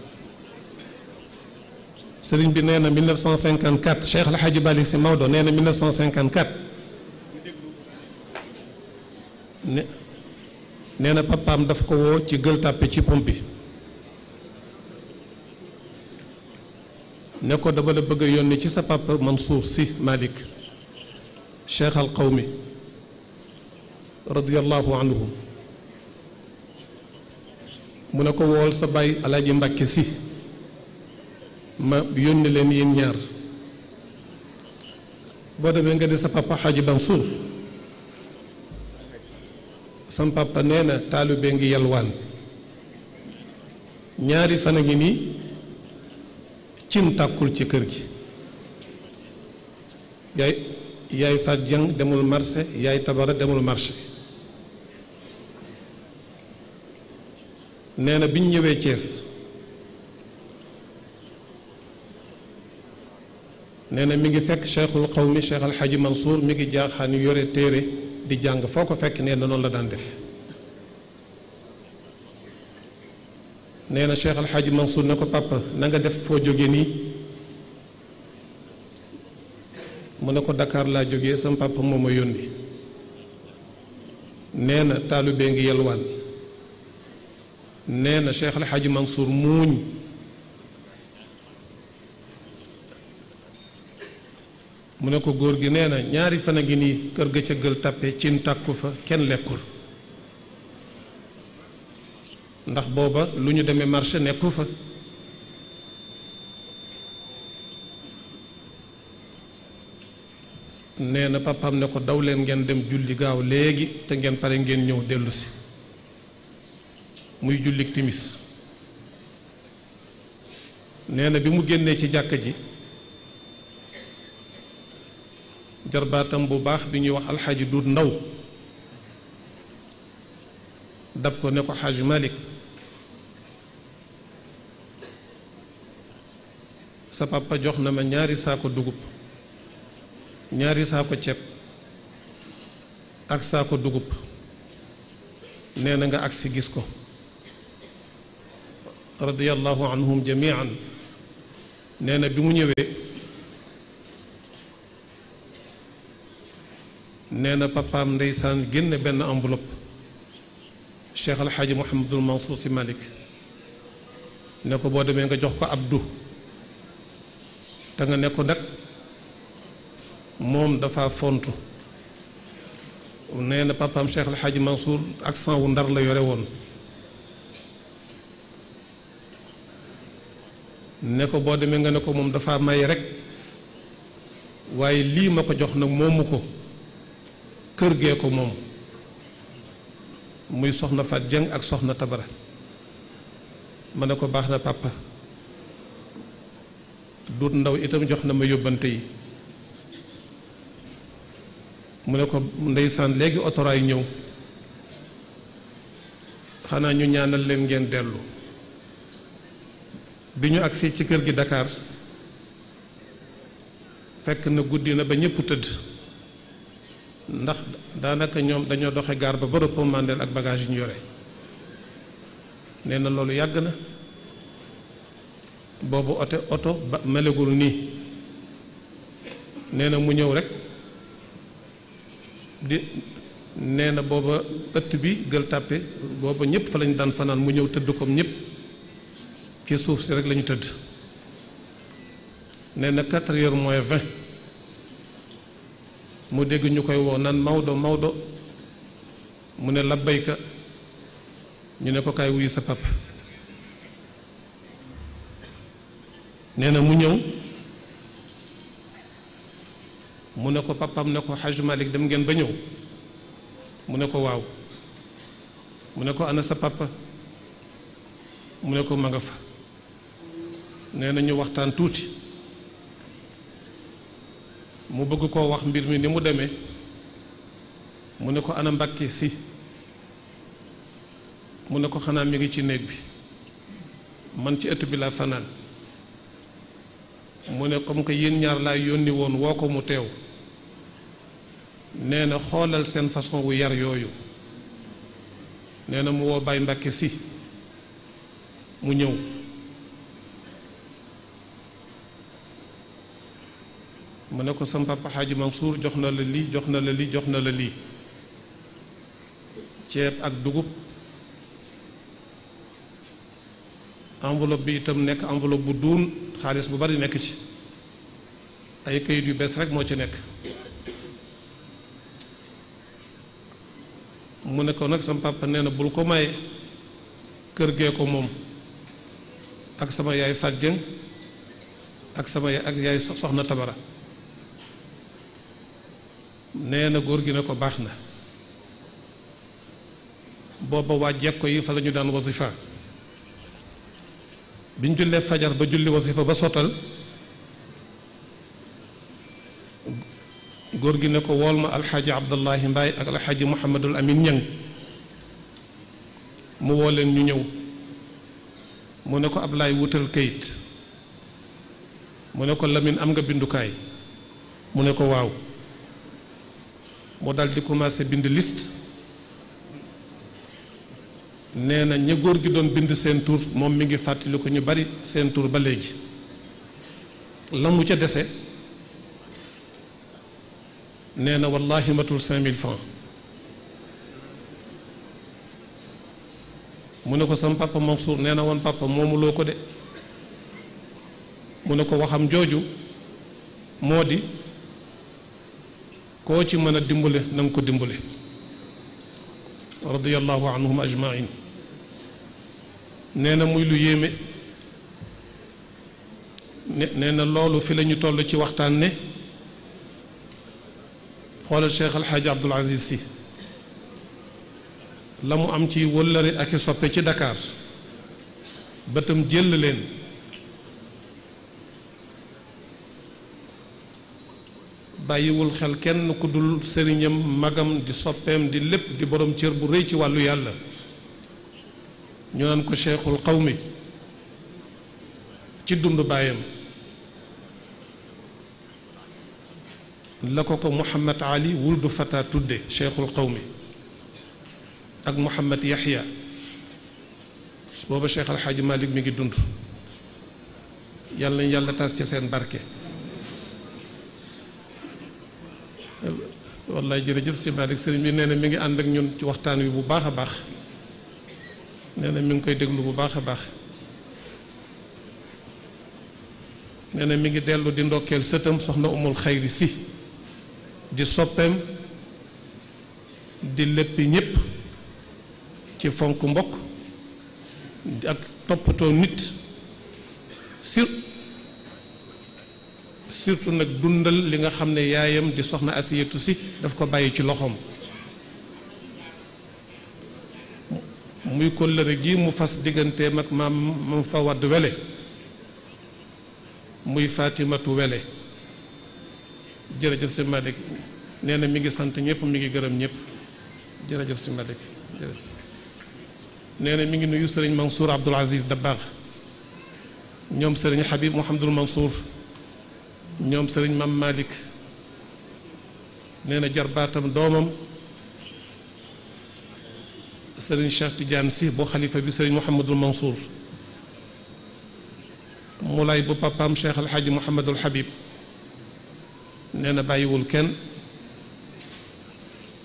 سرين بي نينا 1954 شيخ الحاج بالي سي مودو نينا 1954 نينا بابا ام داف كو وو سي گل تابي سي پومبي نكو دابا لا بڬ يوني سي سا بابا منصور سي مالك شيخ القومي رضي الله عنه مونكو وول سا باي الحاج مباكي سي ma yónni leen yéen ñaar boo demee nga ne sa papa xaaji Mansour sam papa nee na taalibe ngi yalwaan ñaari fan a ngi nii cin tàkkul ci kër gi yaay yaay faat jang demul marché yaay tabara demul marché nee na biñ ñëwee Cees nee na mi ngi fekk cheikhul qawmi cheikh alxaji mansour mi ngi jaaxaan yore téere di jàng foo ko fekk nee na noonu la daan def nee na cheikh alxaji mansour ne ko papa na nga def foo jóge nii mu ne ko Dakar laa jógee sam papa moo ma yónni nee na taalibee ngi yelwaan nee na cheikh alxaji mansour muuñ mu ne ko góor gi nee na ñaari fan a ngi nii kër ga ca gël tàppe cin tàkku fa kenn lekkul ndax booba lu ñu demee marché nekku fa nee na papaam ne ko daw leen ngeen dem julli gaaw léegi te ngeen pare ngeen ñëw dellusi si muy jullik timis nee na bi mu génnee ci jàkka ji jarbaatam bu baax bi ñuy wax alxaaji duut ndaw dab ko ne ko xaaju malik sa papa jox na ma ñaari saako dugub ñaari saako ceeb ak saako dugub nee na nga agsi gis ko radiyallahu anhum jamian nee na bi mu ñëwee nee na papaam ndeysaan génne benn enveloppe cheikh alxaaji Mouhamadul Mansour si malik ne ko boo demee nga jox ko Abdou te nga ne ko nag moom dafa fontu nee na papaam cheikh alxaaji Mansour accent wu ndar la yore woon ne ko boo demee nga ne ko moom dafa may rek waaye lii ma ko jox nag moomu ko kër gee ko moom muy soxna Fat Jeng ak soxna Tabara ma ne ko baax na pàppa dut ndaw itam jox na ma yóbbante yi mu ne ko ndeysaan léegi otoraay ñëw xanaa ñu ñaanal leen ngeen dellu bi ñu agsee ci kër gi Dakar fekk na guddi na ba ñépp tëdd ndax daanaka ñoom dañoo doxe gaar ba bërëb pour mandeel ak bagage yi ñu yore nee na loolu yàgg na boobu oto oto ba melegul nii nee na mu ñëw rek di nee na booba ëtt bi gël tàppe booba ñëpp fa lañu daan fanaan mu ñëw tëdd koom ñëpp ci suuf si rek lañu tëdd nee na quatre heures moins mu dégg ñu koy woo nan Maodo Maodo mu ne labbayka ñu ne ko kaay wuyu sa papa nee na mu ñëw mu ne ko papam ne ko Haj Malik dem ngeen ba ñëw mu ne ko waaw mu ne ko ana sa papa mu ne ko ma fa nee na ñu waxtaan tuuti mu bëgg koo wax mbir mi ni mu demee mu ne ko ana Mbàkke si mu ne ko xanaa mi ngi ci néeg bi man ci ëtt bi laa fanaan mu ne comme que yéen ñaar laa yónni woon woo ko mu teew nee na xoolal seen façon wu yar yooyu nee na mu woo Baay Mbàkke si mu ñëw mu ne ko sam papa xaaji suur jox na la lii jox na la lii jox na la lii ceeb ak dugub enveloppe bi itam nekk enveloppe bu duun xaalis bu bari nekk ci ay kayit yu bees rek moo ci nekk mu ne ko nag sam papa nee na bul ko may kër gee ko moom ak sama yaay Fat Dieng ak sama ak yaay soxna Tabara nee na góor gi ne ko baax na booba waa jekko yi fa la ñu daan wasifa biñ jullee fajar ba julli wasifa ba sottal góor gi ne ko wool ma alxaaji abdullahi mbaay ak alxaaji muhammadul amin ñang mu woo leen ñu ñëw mu ne ko ablaay wutal kayit mu ne ko lamin am nga bindukaay mu ne ko waaw mu dal di commencé bind list nee na ña góor gi doon bind seen tur moom mi ngi fàttali ko ñu bari seen tur ba léegi la mu ca dese nee na wallaahi matul 5000 francs mu ne ko sam papa Mansour nee na woon papa moomuloo ko de mu ne ko waxam jooju moo di كوتي من الدمبلة ننكو دمبلة رضي الله عنهم أجمعين نينا مويلو يمي نينا لولو في لن يطول لكي وقتان ني قال الشيخ الحاج عبد العزيز سي لمو أمتي ولري أكي سوبي دكار بتم جل لين bayiwul xel kenn ku dul serignam magam di soppeem di lépp di borom cieur bu reey ci walu yàlla ñu nan ko cheikhul qawmi ci dund bayam lako ko muhammad Ali wuldu fata tudde cheikhul qawmi ak muhammad yahya booba cheikh alxaaji Malik mi ngi dund yàlla yàlla tass ci sen barke wallaay jërëjëf si Malick sëriñ bi nee na mi ngi ànd ak ñun ci waxtaan wi bu baax a baax nee mi ngi koy déglu bu baax a baax nee mi ngi dellu di ndokkeel sëtam soxna umul xayri si di soppeem di léppi ñépp ci fonk mbokk ak toppatoo nit sur surtout nag dundal li nga xam ne yaayam di soxna asiyatu si daf ko bàyyi ci loxoom muy kóllëre gi mu fas digganteem ak maam mam fa wadd wele muy faatimatu wele jërëjëf si Malick nee na mi ngi sant ñëpp mi ngi gërëm ñëpp jërëjëf si Malick jërëjëf nee na mi ngi nuyu sëriñ Mansour Abdoul Aziz Dabakh ñoom sëriñ Habib Mouhamadul Mansour ñoom sëriñ Mam Malick nee na jarbaatam doomam sëriñ Cheikh Tidiane Sy bu xalifa bi sëriñ Mouhamadul Mansour mu lay bu papaam Cheikh El Hadj Mouhamadul Habib nee na bàyyiwul kenn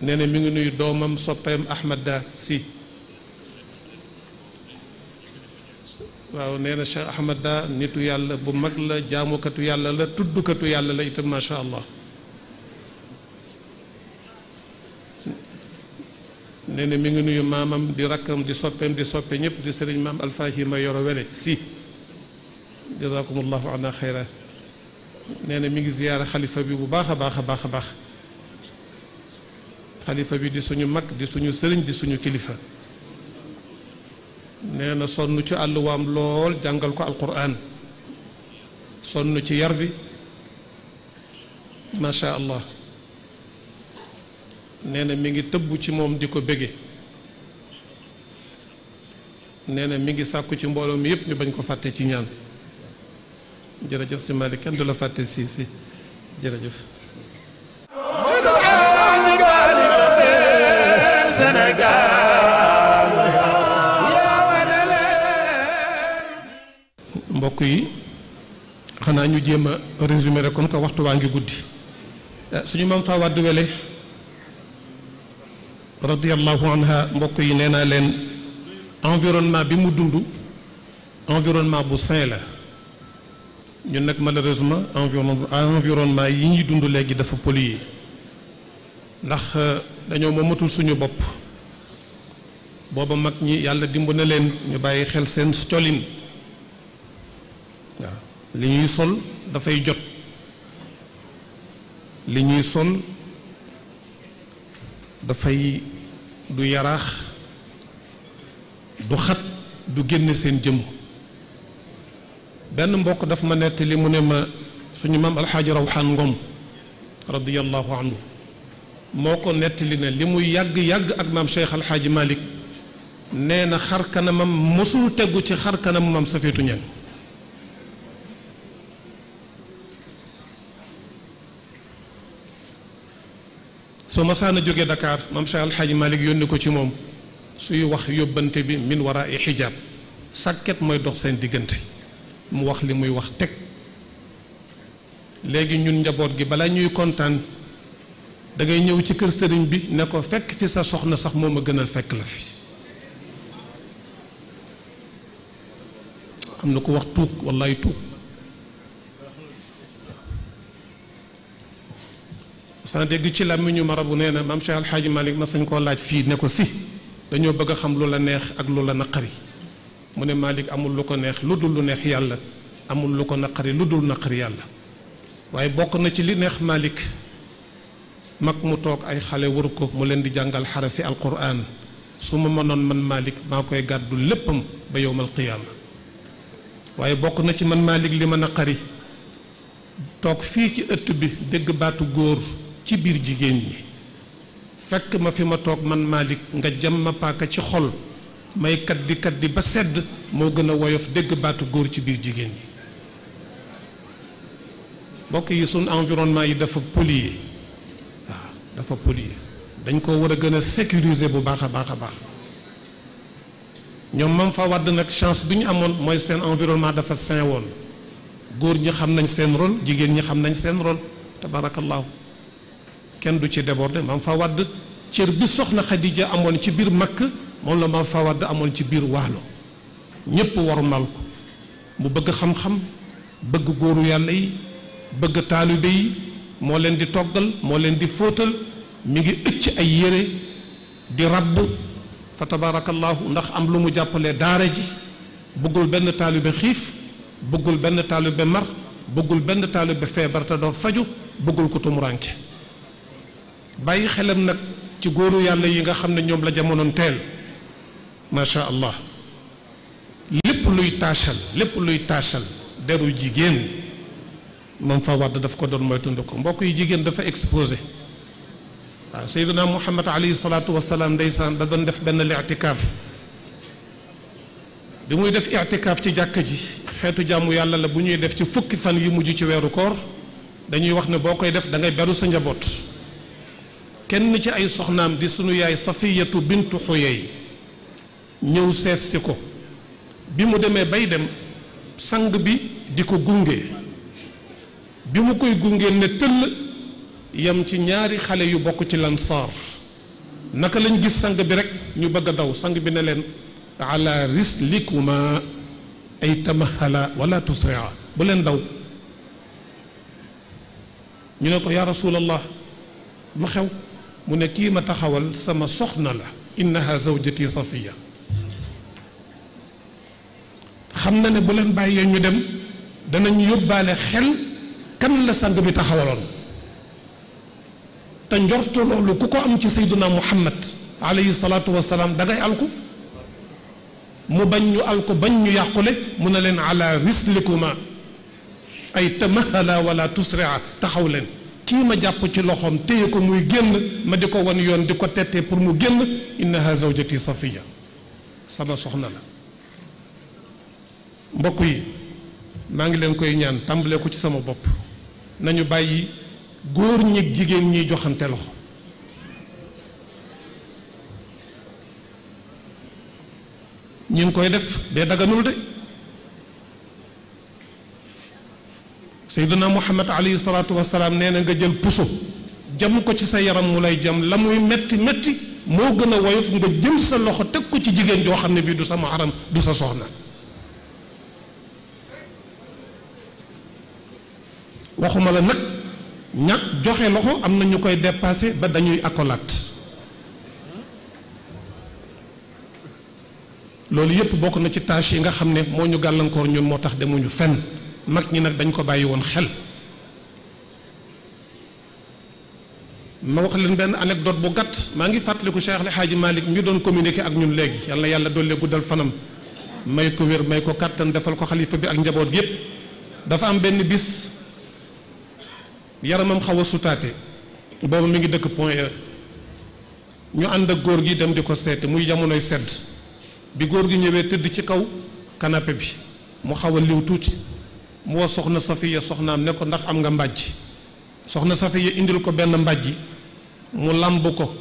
nee na mi ngi nuyu doomam soppeem Ahmada Sy waaw nee na Cheikh Ahmad daa nitu yàlla bu mag la jaamukatu yàlla la tuddukatu yàlla la itam macha allah nee na mi ngi nuyu maamam di rakkam di soppeem di soppe ñëpp di sëriñ maam alfahima yoro wele si jazakumullahu ana xayra nee na mi ngi ziyaara xalifa bi bu baax a baax a baax a baax xalifa bi di suñu mag di suñu sëriñ di suñu kilifa nee na sonn ci waam lool jàngal ko alquran sonn ci yar bi macha allah nee na mi ngi tëbb ci moom di ko bége nee na mi ngi sàkku ci mbooloo mi yëpp ñu bañ ko fàtte ci ñaan jërëjëf si Malick kenn du la fàtte si si jërëjëf. Sénégal bokk yi xanaa ñu jéem a résumé rek comme que waxtu waa ngi guddi eh, suñu maam faa wàdd wele radiyallahu anha mbokk yi nee naa leen environnement bi mu dund environnement bu sain la ñun nag malheureusement environnement yi ñuy dund léegi dafa yi ndax eh, dañoo moomatul suñu bopp booba mag ñi yàlla dimb na leen ñu bàyyi xel seen colin li ñuy sol dafay jot li ñuy sol dafay du yaraax du xat du génne seen jëmm benn mbokk daf ma nettali mu ne ma suñu maam alxaaji rawxaan ngom radiyallahu anhu moo ko nettali ne li muy yàgg yàgg ak maam Cheikh alxaaji Malick nee na xar kanamam mosul teggu ci xar kanam maam Safeetu Ñaŋ su masaana jóge Dakar maam Cheikh Alxaaji Malick yónni ko ci moom suy wax yóbbante bi min war a xijaab sàkket mooy dox seen diggante mu wax li muy wax teg léegi ñun njaboot gi bala ñuy kontaan da ngay ñëw ci kër sëriñ bi ne ko fekk fi sa soxna sax moom a gënal fekk la fi am na ko wax tuug wallaay tuug sa dégg ci làmmiñu marabu nee na Cheikh Alxaaji Malik mas nañ koo laaj fii ne ko si dañoo bëgg a xam lu la neex ak lu la naqari mu ne Malik amul lu ko neex lu dul lu neex yàlla amul lu ko naqari lu dul naqari yàlla waaye bokk na ci li neex Malik mag mu toog ay xale wër ko mu leen di jàngal xarafi alquran su ma mënoon man Malik maa koy gàddu léppam ba yowmal qiyaama waaye bokk na ci man Malik li ma naqari toog fii ci ëtt bi dégg baatu góor ci biir jigéen ñi fekk ma fi ma toog man Malick nga jam ma paaka ci xol may kat di ba sedd moo gën a woyof dégg baatu góor ci biir jigéen ñi mbokk yi suñ environnement yi dafa pollué dafa pollué dañ ko war a gën a sécuriser bu baax a baax a baax ñoom mam fa wadd nag chance bi ñu amoon mooy seen environnement dafa sain woon góor ñi xam nañ seen rôle jigéen ñi xam nañ seen rôle tabarakallahu kenn du ci déborder maam fa wadd cër bi soxna Xadija amoon ci biir Makk moom la maam fa wadd amoon ci biir waalo ñépp waru ko mu bëgg xam-xam bëgg góoru yàlla yi bëgg taalibe yi moo leen di toggal moo leen di fóotal mi ngi ëcc ay yére di rabb fa tabaarakallaahu ndax am lu mu jàppale daara ji bëggul benn taalibe xiif bëggul benn taalibe mar bëggul benn taalibe feebar doo faju bëggul ko tumuraanke bàyyi xelam nag ci góoru yàlla yi nga xam ne ñoom la jamonoon teel macha allah lépp luy taasal lépp luy taasal deru jigéen moom fa wadd daf ko doon moytundu ko mbokk yi jigéen dafa exposé waaw sayduna muhammad alayhi salaatu wasalaam ndeysaan da doon def benn litikaaf bi muy def itikaaf ci jàkka ji xeetu jàmm yàlla la bu ñuy def ci fukki fan yu mujj ci weeru koor dañuy wax ne boo koy def da ngay beru sa njaboot kenn ci ay soxnaam di sunu yaay safiyatu bintu xuyey ñëw seetsi ko bi mu demee bay dem sang bi di ko gunge bi mu koy gunge ne tëll yam ci ñaari xale yu bokk ci lan lansaar naka lañ gis sang bi rek ñu bëgg a daw sang bi ne leen ala rislikuma ay tamahala wala tusria bu leen daw ñu ne ko yaa rasulallah lu xew mu ne kii ma taxawal sama soxna la innaha zawjati safiya xam na ne bu leen bàyyee ñu dem danañ yóbbaale xel kan la sang bi taxawaloon te njortu loolu ku ko am ci sayduna muhammad alayhi salaatu wasalaam da ngay alku mu bañ ñu alku bañ ñu yàqule mu ne leen ala rislikuma ay tamahala wala tusria taxaw leen kii ma jàpp ci loxoom téye ko muy génn ma di ko won yoon di ko tettee pour mu génn innaha zawjati safiya sama soxna la mbokk yi maa ngi leen koy ñaan tàmbalee ko ci sama bopp nañu bàyyi góor ñi jigéen ñi joxante loxo ñi ngi koy def dee daganul de seyduna muhammad alayhi salaatu wasalaam nee na nga jël puso jam ko ci sa yaram mu lay jam la muy metti metti moo gën a woyof nga jël sa loxo teg ko ci jigéen joo xam ne bii du sama aram du sa soxna waxuma la nag ñàkk joxe loxo am na ñu koy dépassé ba dañuy accolade loolu yépp bokk na ci tâche yi nga xam ne moo ñu gàllankoor ñun moo tax demuñu fenn mag ñi nag dañ ko bàyyi woon xel ma wax leen benn anecdote bu gàtt maa ngi fàttaliku Cheikh El Hadji Malick mi doon communiqué ak ñun léegi yal na yàlla dolli guddal fanam may ko wér may ko kàttan defal ko xalifa bi ak njaboot yépp dafa am benn bis yaramam xaw a sutaate boobu mi ngi dëkk Point E ñu ànd ak góor gi dem di ko seeti muy jamonoy sedd bi góor gi ñëwee tëdd ci kaw canapé bi mu xaw a liw tuuti mu woo soxna safiya soxnaam ne ko ndax am nga mbàjj soxna safiya indil ko benn mbàjj mu làmb ko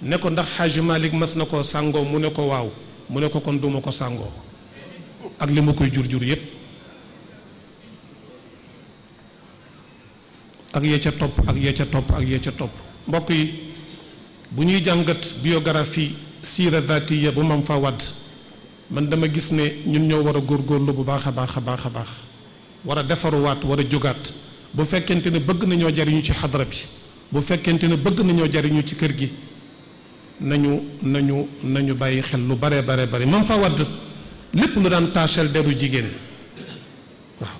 ne ko ndax xaaju malik mas na ko sàngoo mu ne ko waaw mu ne ko kon duma ko sàngoo ak li ma koy jur jur yépp ak yee ca topp ak yee ca topp ak yee ca topp mbokk yi bu ñuy jàngat biographie siira daatiya bu mam fa wadd man dama gis ne ñun ñoo war a góor góorgóorlu bu baax a baax a baax a baax wara defaru wat wara jogat bu fekkente ne bëgg nañoo jariñu ci hadra bi bu fekkente ne bëgg nañoo jariñu ci kër gi nañu nañu nañu bàyyi xel lu bare bare bare mam fa wad lépp lu daan tachel deru jigen waaw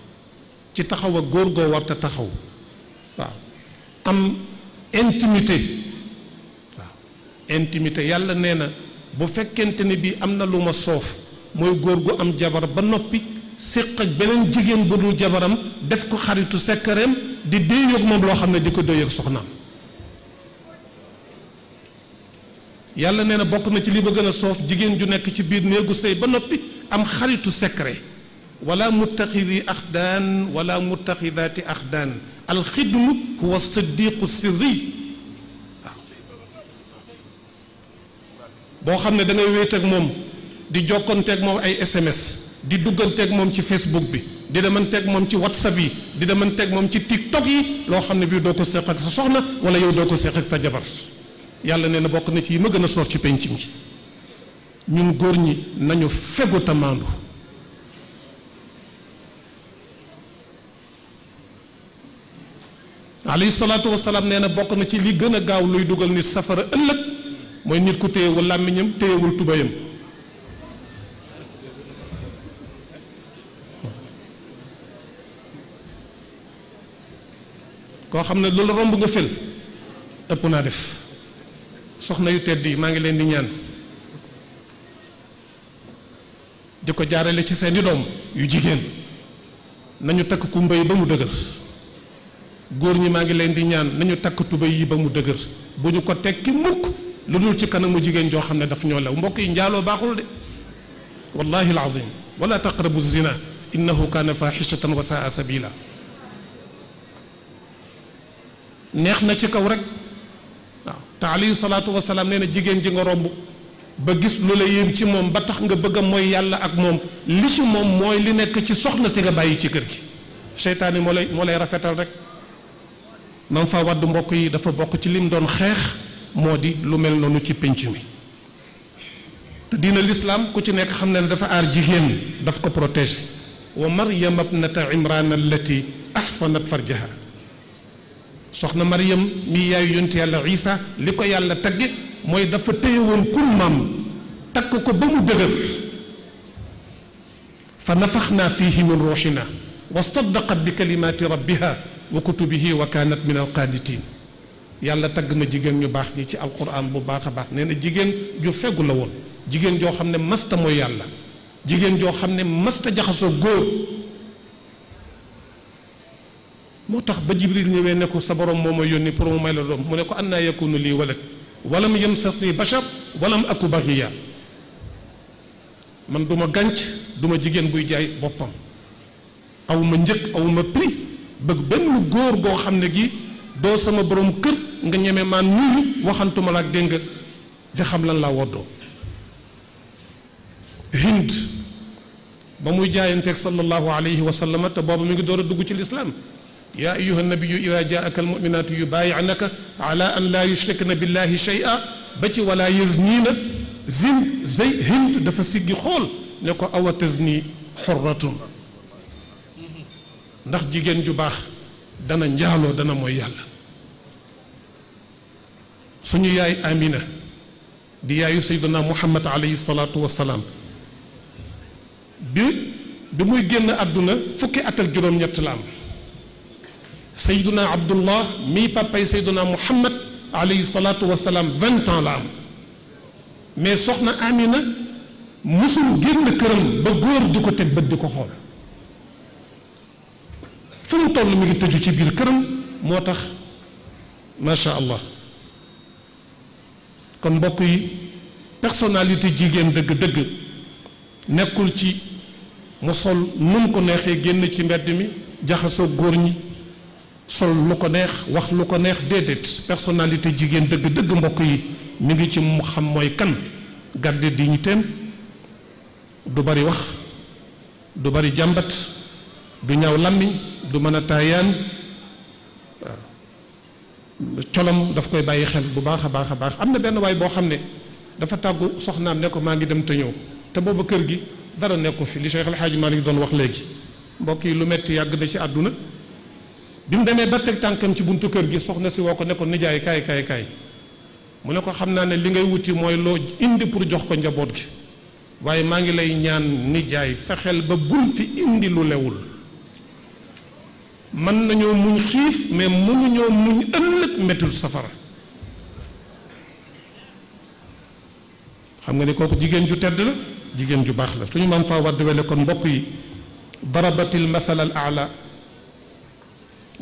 ci taxaw ak gor go warta taxaw waaw am intimité waaw intimité yàlla neena bu fekkente ne bii am na lu ma soof mooy gu am jabar ba nopi séq ak beneen jigéen bu dul jabaram def ko xaritu sekkareem di déeyoog moom loo xam ne di ko déeyoog soxnaam yàlla nee na bokk na ci li ba gën a soof jigéen ju nekk ci biir néegu sëy ba noppi am xaritu secret wala muttaxidi axdaan wala muttaxidaati axdaan alxidmu huwa siddiqu sirri waaw boo xam ne dangay ngay wéet ak moom di jokkonteek moom ay SMS di dugganteeg moom ci Facebook bi di demanteeg moom ci WhatsApp yi di demanteeg moom ci TikTok yi loo xam ne bii doo ko seq ak sa soxna wala yow doo ko seq ak sa jabar yàlla nee na bokk na ci ma gën a soof ci penc mi ñun góor ñi nañu fegu tamaandu alayhi salaatu wasalaam nee na bokk na ci li gën a gaaw luy dugal nit safara ëllëg mooy nit ku téyewul làmmiñam téyewul tubayam xamne lolu romb nga fël ëpp naa def soxna yu teddi ma ngi len di ñaan diko jaarale ci seeni dom yu jigen nañu tak ku mbey ba mu deugal góor ñi ma ngi len di ñaan nañu tak tubey yi ba mu deugal buñu ko tekki mukk lu ci kanamu jigéen joo xam ne daf ñoo law mbokk yi njaaloo baxul de wallahi alazim wala taqrabu zina innahu kana fahishatan wa saa sabila neex na ci kaw rek waaw te alayhi salaatu wasalaam nee na jigéen ji nga romb ba gis lu la yéem ci moom ba tax nga bëgg a mooy yàlla ak moom li ci moom mooy li nekk ci soxna si nga bàyyi ci kër gi seytaane moo lay moo lay rafetal rek mam fa wàdd mbokk yi dafa bokk ci lim doon xeex moo di lu mel noonu ci pénc mi te diina lislaam ku ci nekk xam ne dafa aar jigéen daf ko protéger wa maryam abnata imran allati ahsanat farjaha soxna Mariam mi yaayu yontu yàlla Isa li ko yàlla tagg mooy dafa téye woon kurmaam takk ko ba mu dëgër fa nafaxnaa fiihi min ruuxina wa saddaqat bi kalimaati rabbiha wa kutubihi wa kaanat min alqaanitiin yàlla tagg na jigéen ñu baax ñi ci alquran bu baax a baax nee na jigéen ju feggu la woon jigéen joo xam ne masta mooy yàlla jigéen joo xam ne masta jaxasoo góor moo tax ba jibril ñëwee ne ko sa borom moo ma yónni pour mu may la doom mu ne ko an naa yakunu lii walad walam yem sasni bachar walam aku baxiya man du ma gànc du ma jigéen buy jaay boppam aw ma njëkk aw ma prix bëgg benn góor boo xam ne gi doo sama borom kër nga ñeme maan nuyu waxantuma laak dégg nga di xam lan laa woddoo hind ba muy jaayanteeg sallallahu alayhi wa sallam te boobu mi ngi door a dugg ci lislaam يا أيها النبي إذا جاءك المؤمنات يبايعنك على أن لا يشركن بالله شيئا بتي ولا يزنين زن زي هند دفا سيجي خول نكو أو تزني حرة ndax jigen ju bax dana njaalo dana moy yalla suñu yaay amina di yaayu sayyidina muhammad alayhi salatu wassalam bi bi muy genn aduna fukki at ak juroom ñett la am سيدنا عبد الله مي باباي سيدنا محمد عليه الصلاة والسلام 20 عام لام مي سخنا آمينة مسلم جن كرم بغور دي كتب بد دي كخول طول مي تجو تي بير موتخ ما شاء الله كون بوكي personnalité jigen deug deug nekul ci mu sol num ko nexé genn ci mbedd mi jaxaso gorni sol lu ko neex wax lu ko neex déedéet personnalité jigéen dëgg-dëgg mbokk yi mi ngi ci mu xam mooy kan garde dignitéem du bari wax du bari jàmbat du ñaw làmmiñ du mën a taayaan colom daf koy bàyyi xel bu baax a baax a baax am na benn waay boo xam ne dafa tàggu soxnaam ne ko maa ngi dem te ñëw te booba kër gi dara nekku fi li Cheikh El Hadj gi doon wax léegi mbokk yi lu metti yàgg na ci àdduna bimu mu demee ba teg tànkam ci buntu kër gi soxna si woo ko ne ko nijaay kaay kaay kaay mu ne ko xam naa ne li ngay wuti mooy loo indi pour jox ko njaboot gi waaye maa ngi lay ñaan nijaay fexel ba bul fi indi lu lewul man nañoo muñ xiif mais mënuñoo muñ ëllëg metul safara xam nga ni kooku jigéen ju tedd la jigéen ju baax la suñu mam faa wadd kon mbokk yi darabatil mathal al aala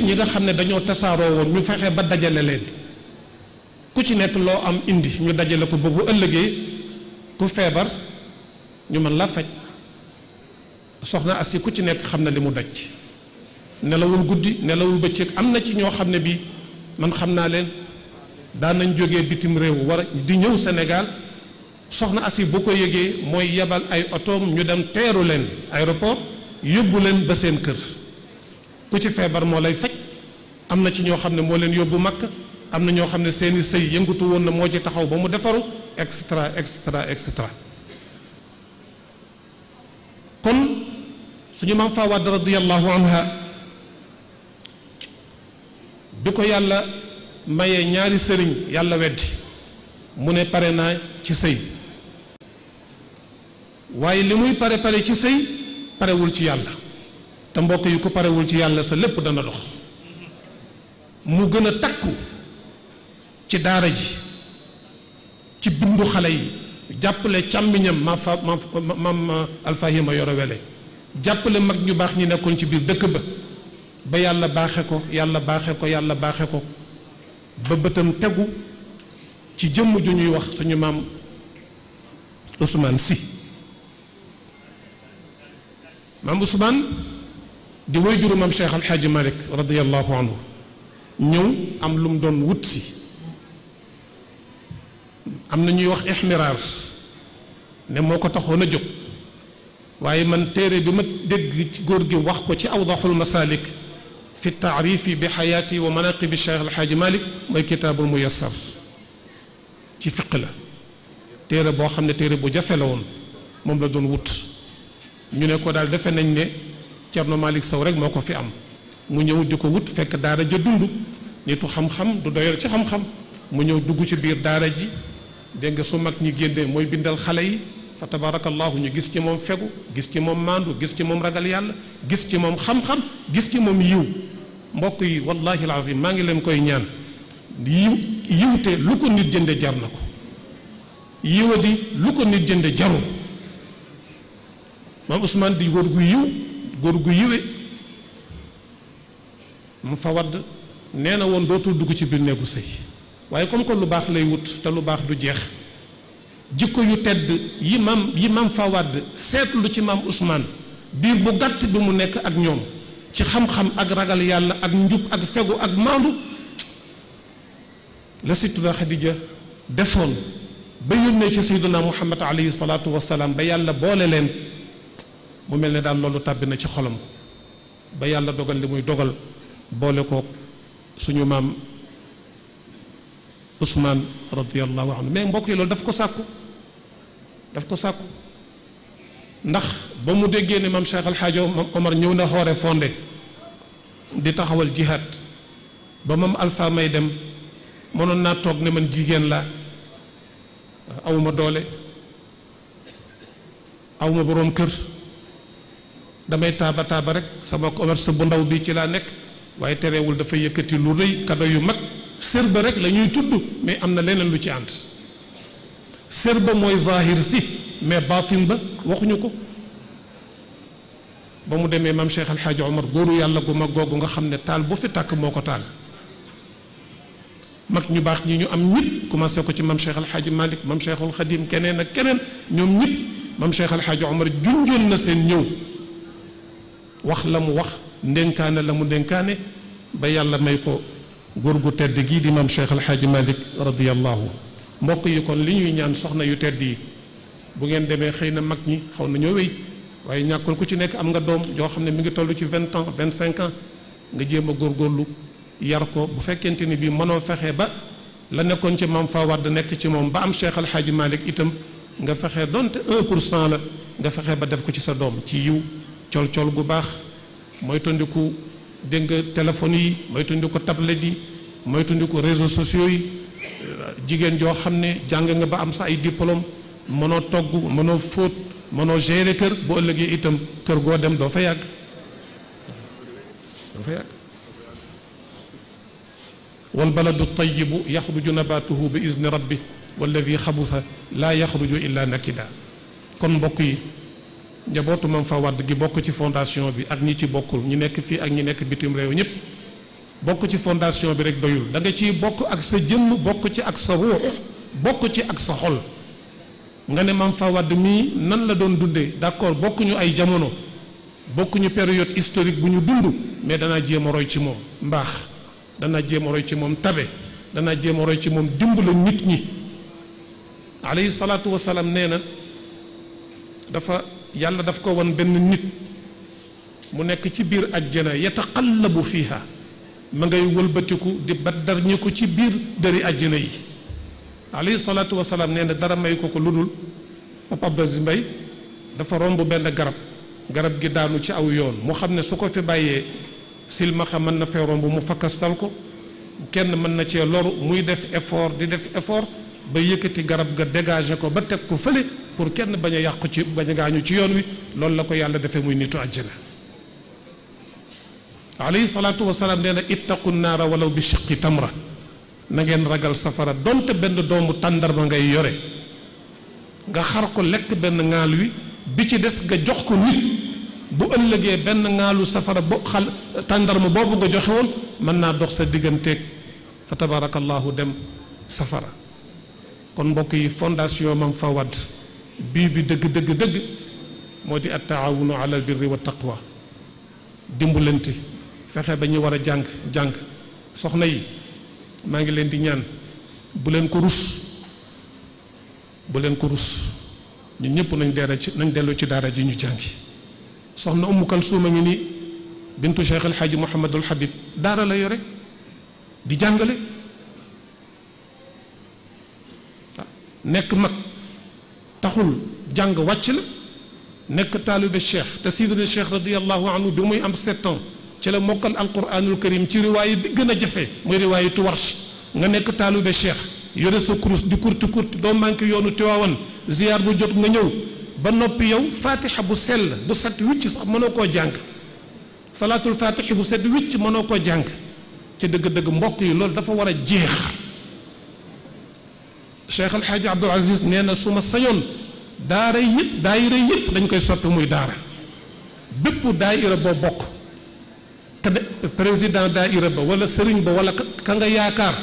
ñi nga xam ne dañoo tasaaroo woon ñu fexe ba dajale leen ku ci nekk loo am indi ñu dajale ko ba bu ëllëgee ku feebar ñu mën la faj soxna Asi ku ci nekk xam na li mu daj nelawul guddi nelawul bëccëg am na ci ñoo xam ne bii man xam naa leen daan nañ jógee bitim réew wara di ñëw senegal soxna Asi bu ko yëgee mooy yebal ay otoom ñu dem teeru leen aéroport yóbbu leen ba seen kër. ku ci feebar moo lay faj am na ci ñoo xam ne moo leen yóbbu màkk am na ñoo xam ne seeni sëy yëngatu woon na moo ci taxaw ba mu defaru extra extra extra kon suñu maam Fawad radiyallahu anha bi ko yàlla mayee ñaari sëriñ yàlla weddi mu ne pare naa ci sëy waaye li muy pare pare ci sëy parewul ci yàlla te mbokk yi ku parewul ci yàlla sa lépp dana dox mu gën a takku ci daara ji ci bindu xale yi jàppale càmmiñam ma fa ma ma alfahima yoro jàppale mag ñu baax ñi nekkoon ci biir dëkk ba ba yàlla baaxe ko yàlla baaxe ko yàlla baaxe ko ba bëtam tegu ci jëmm ju ñuy wax suñu maam Ousmane si maam Ousmane di way juru maam cheikh hadji malik radiyallahu anhu ñëw am lu mu doon wut si am na ñuy wax ihmirar ne moko taxona taxoon a jóg waaye man téré bi ma dégg ci gor gi wax ko ci awdahul masalik fi ta'rif bi hayati wa manaqib cheikh al hadji malik moy kitabul muyassar ci fiqh la téré bo xamné téré bu jafe la won mom la doon wut ñu ne ko dal defe nañ ne Cerno malik saw rek moko fi am mu ñëw diko wut fekk daara ja dundu nitu xam-xam du doyal ci xam-xam mu ñëw dugg ci bir daara ji de nga su mag ñi gende moy bindal xale yi fa tabarakallah ñu gis ci mom fegu gis ci mom mandu gis ci mom ragal yàlla gis ci mom xam-xam gis ci mom yiw mbokk yi wallahi alazim ma ngi leen koy ñaan yiwte lu ko nit jënde jar nako yiwadi lu ko nit jënde jaru mam Ousmane di wor gu yiw góor gu yiwe mu fa wadd nee na woon dootul dugg ci biir néegu sëy waaye comme que lu baax lay wut te lu baax du jeex jikko yu tedd yi mam yi mam fa seetlu ci mam Ousmane biir bu gàtt bi mu nekk ak ñoom ci xam-xam ak ragal yàlla ak njub ak fegu ak maandu la Sayyidatuna Xadija defoon ba yónnee ci Sayyiduna Muhammad alayhi salaatu wasalaam ba yàlla boole leen mu melni dal daal loolu tàbbi na ci xolam ba yàlla dogal li muy dogal bolé ko suñu mam usman radiyallahu anhu mais mbokk yi loolu daf ko sàkku daf ko sàkku ndax ba mu déggé ni mam Cheikh Alxaaji Omar ñëw na xoré fonde di taxawal jihad ba mam alfa may dem mënon na tok ni man jigen la awuma doole awuma borom kër damay taaba taaba rek sama commerce bu ndaw bi ci laa nekk waaye terewul dafa yëkkati lu rëy kado yu mag sër ba rek la ñuy tudd mais am na leneen lu ci ànd sër ba mooy zahir si mais baatin ba waxuñu ko ba mu demee maam Cheikh Alxaaji Omar góoru yàlla gu mag googu nga xam ne taal bu fi tàkk moo ko taal mag ñu baax ñi ñu am ñëpp commencé ko ci maam Cheikh Alxaaji Malik maam Cheikhul Xadim keneen ak keneen ñoom ñëpp maam Cheikh Alxaaji Omar junjoon na seen ñëw wax la mu wax ndenkaane la mu ndenkaane ba yàlla may ko góor gu tedd gii di maam Cheikh Alxaaji Malick radiyallahu mbokk yi kon li ñuy ñaan soxna yu tedd yi bu ngeen demee xëy na mag ñi xaw na ñoo wéy waaye ñàkkul ku ci nekk am nga doom yoo xam ne mi ngi toll ci vingt ans vingt cinq ans nga jéem a góorgóorlu yar ko bu fekkente ni bii mënoo fexe ba la nekkoon ci maam Fawad nekk ci moom ba am Cheikh Alxaaji Malick itam nga fexe donte un pour cent la nga fexe ba def ko ci sa doom ci yiw col col gu baax moytandiku dégg nga téléphone yi moytandiku tablette yi moytandiku réseaux sociaux yi jigéen joo xam ne jàng nga ba am sa ay diplôme mënoo togg mënoo fóot mënoo gérer kër itam kër go dem do fa yàgg doo fa yàgg walbaladu tayibu yaxruju nabatuhu bi izni rabbi walladi xabusa laa yaxruju illa nakida kon mbokk yi njabootu mam fa wadd gi bokk ci fondation bi ak ñi ci bokkul ñu nekk fii ak ñi nekk bitim réew ñëpp bokk ci fondation bi rek doyul da nga bokk ak sa jëmm bokk ci ak sa ruux bokk ci ak sa xol nga ne mam fa wadd mii nan la doon dundee d'accord bokkuñu ay jamono bokkuñu période historique bu ñu dund mais danaa jéem roy ci moom mbaax danaa jéem a roy ci moom tabe danaa jéem a roy ci moom dimbale nit ñi alayhi salaatu wasalaam nee na dafa yàlla daf ko won ben nit mu nek ci bir aljana yataqallabu fiha ma ngay wëlbatiku di badar ñi ci bir dëri aljana yi ali salatu wassalam nee na dara may ko ko ludul Papa bazi mbay dafa rombu ben garab garab gi daanu ci aw yoon mu xamne suko su ko fi bàyyee silmaxa mën na fe rombu mu fakastal ko kenn man na ci lor muy def effort di def effort ba yëkkati garab ga dégager ko ba tek ko fële pour kenn bañ a yàqu ci bañ gaañu ci yoon wi loolu la ko yàlla defee muy nitu àjjana alayhi salaatu wasalaam nee na ittaqu naara walaw bi shiqi tamra na ngeen ragal safara donte benn doomu tàndarma ngay yore nga xar ko lekk benn ŋaal wi bi ci des nga jox ko nit bu ëllëgee benn ŋaalu safara bo xal tàndarma boobu nga joxe woon mën naa dox sa digganteeg fa tabarakallahu dem safara kon mbokk yi fondation Mame Fawade bi bi deug deug deug modi di at taawunu ala al birri wa taqwa dimbulenti fexé bañu wara jang jang soxna yi ma ngi len di ñaan bu len ko rus bu len ko rus ñun ñepp nañ deera ci nañ delu ci dara ji ñu jàngi soxna um Kalsuum ngi ni bintu Cheikh al-hajj muhammad al Habib dara la yore di jangale nek mak taxul jàng wàcc la nekk taalibe cheikh te sidina cheikh radiallahu anhu bi muy am sept ans ci la mokkal alquranul karim ci riwaay bi gën a jafe muy riwaayatu warsh nga nekk taalibe cheikh yore sa kurus di kurti kurti doo manqué yoonu tiwaawan ziar bu jot nga ñëw ba noppi yow fatiha bu sell bu set wicc sax mënoo koo jàng salaatul fatiha bu set wicc mënoo koo jàng ci dëgg-dëgg mbokk yi loolu dafa war a jeex شيخ الحاج عبد العزيز نينا سوما سيون دار يب دايره ييب دنج كاي سوتو موي دار بيب دايره بو بوك ت بريزيدان دايره با ولا سيرين با ولا كاغا ياكار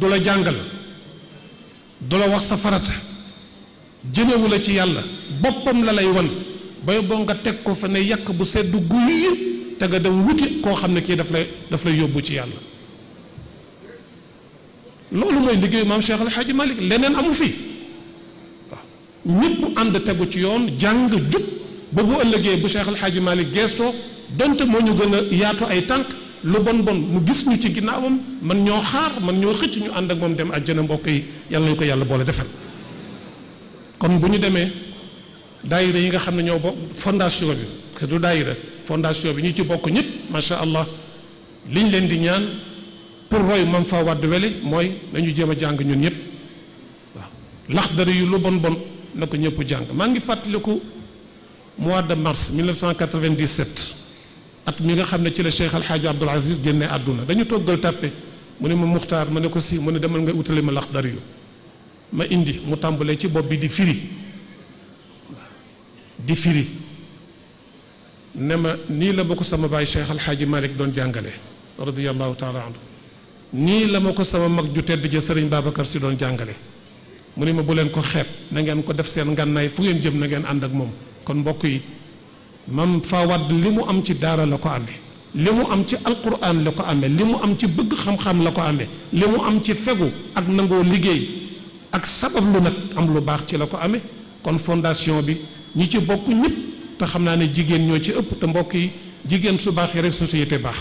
دولا جانغال دولا واخ سفرات جيمولا سي يالا بوبام لا لاي وون با يوبو تك كو فني بو سيدو غوي تاغا دا ووتي كو خامني كي دافلاي يوبو سي يالا loolu mooy liggéey maam Cheikh El Hadj Malick leneen amu fi waaw ànd tegu ci yoon jàng jub ba bu ëllëgee bu Cheikh El Hadj Malick geestoo donte moo ñu gën a yaatu ay tànk lu bon bon mu gis ñu ci ginnaawam man ñoo xaar man ñoo xëcc ñu ànd ak moom dem àjjana mbokk yi yàlla nañu ko yàlla boole defal kon bu ñu demee daayira yi nga xam ne ñoo bokk fondation bi surtout daayira fondation bi ñu ci bokk ñëpp macha allah liñ leen di ñaan. pour roy mam fa wad wele moy nañu jëma jàng ñun ñëpp waaw laxdari yu lu bon bon na ñep jàng ma ngi fatlikou mois de mars 1997 at mi nga xamné ci le cheikh al alxaaji abdul aziz génne aduna dañu toggal tapé mune mo ma mune ko si mune demal nga utali ma laxdari yu ma indi mu tambalé ci bop bi di firi di firi nema ni la bako sama baye cheikh al hadji malik don jàngale radiyallahu taala anhu nii la ma ko sama mag ju tedd ja sëriñ Babacar si doon jàngale mu ni ma bu leen ko xeet na ngeen ko def seen ngànnaay fu ngeen jëm na ngeen ànd ak moom kon mbokk yi ma Fawad li mu am ci daara la ko amee li mu am ci alquran la ko amee li mu am ci bëgg xam-xam la ko amee li mu am ci fegu ak nangoo liggéey ak sabab lu nag am lu baax ci la ko amee kon fondation bi ñi ci bokk ñëpp te xam naa ne jigéen ñoo ci ëpp te mbokk yi jigéen su baaxee rek société baax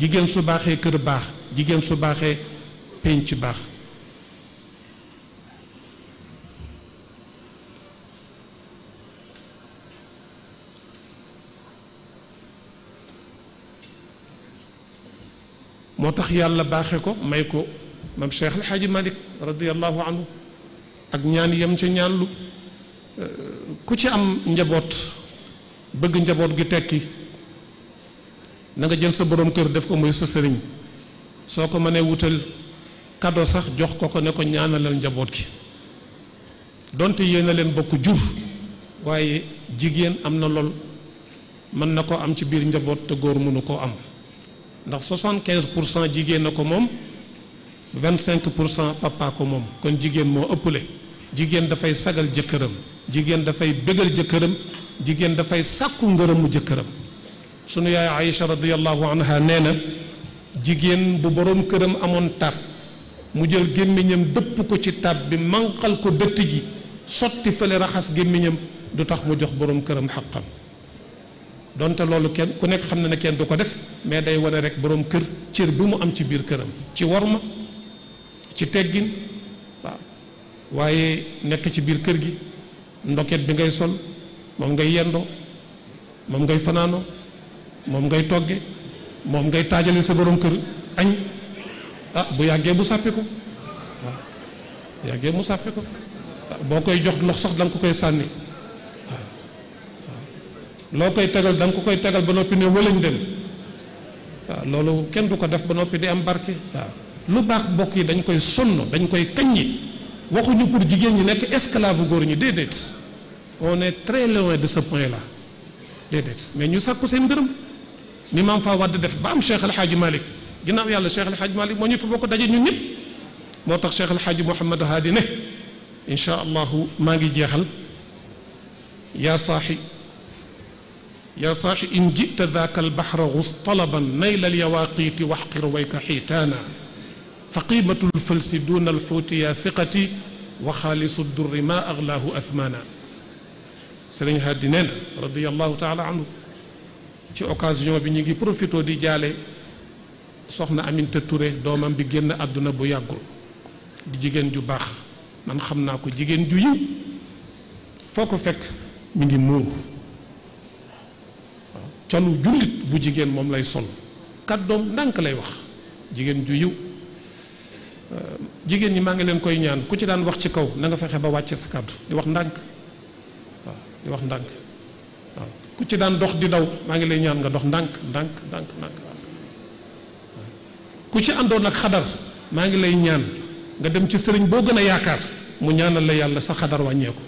jigéen su baaxee kër baax jigéen su baaxee penc baax moo tax yàlla baaxe ko may ko mam Cheikh El Hadj Malick radiallahu anhu ak ñaan yam ca ñaanlu euh, ku ci am njaboot bëgg njaboot gi tekki nanga jël sa boroom kër def ko moy sa sëriñ soo ko mënee wutal kado sax jox ko ko ne ko ñaanalal njaboot gi donte yéen a leen bokk jur waaye jigéen am na lool mën na ko am ci biir njaboot te góor mënu koo am ndax 75 pour cent jigéen na ko moom 25 pour cent papa ko moom kon jigéen moo ëpple jigéen dafay sagal jëkkëram jigéen dafay bégal jëkkëram jigéen dafay sàkku ngërëmu jëkkëram sunu yaay Aïcha radiyallahu anha nee na jigéen bu boroom këram amoon tab mu jël gémmiñam dëpp ko ci tab bi manqal ko dëtt ji sotti fële raxas gémmiñam du tax mu jox boroom këram xaqam donte loolu kenn ku nekk xam na ne kenn du ko def mais day wane rek boroom kër cër bi mu am ci biir këram ci ma ci teggin waaw waaye nekk ci biir kër gi ndoket bi ngay sol moom ngay yendoo moom ngay fanaanoo moom ngay togge moom ngay taajale sa borom kër añ ah bu yàggee mu sàppi ko ah, yàggee mu sàppi ah, boo koy jox ndox sax danga ko koy sànni waaw ah, loo koy tegal da ko koy tegal ba noppi ne wëlañ dem waaw loolu kenn du ko def ba noppi di am barke waaw lu baax mbokk yi dañ koy sonn dañ koy kaññi waxuñu pour jigéen ñi nekk esclave góor ñi déedéet on ne très loin de ce point là déedéet mais ñu sàkku seen ngërëm ni mam fa wad def ba am cheikh alxaaji malik ginnaaw yàlla cheikh alxaaji malik mo ñu fi bokku daje ñun ñep moo tax cheikh alxaaji mouhamad hadi ne insha allah ma ngi jéxal ya sahi yaa saaxi in jita daaka albaxra gus talaban nayla alyawaqiiti waxqir wayka xiitaana fa qimatu lfalsi duna alxuuti yaa thiqati wa xaalisu durri ma aglaahu athmaana sëriñ haadi nee na radiallahu taala anhu ci occasion bi ñu ngi profité di jaale soxna Aminta Touré doomam bi génn àdduna bu yàggul di jigéen ju baax man xam naa ko jigéen ju yiw foo ko fekk mu ngi muuru waaw colu jullit bu jigéen moom lay sol kàddoom ndànk lay wax jigéen ju yiw euh, jigéen ñi maa ngi leen koy ñaan ku ci daan wax ci kaw na nga fexe ba wàcce sa kàddu di wax ndànk waaw di wax ndànk ku ci daan dox di daw maa ngi lay ñaan nga dox ndànk ndànk ndànk ku ci àndoon ak xadar maa ngi lay ñaan nga dem ci sëriñ boo gën a yaakaar mu ñaanal la yàlla sa xadar wàññeeku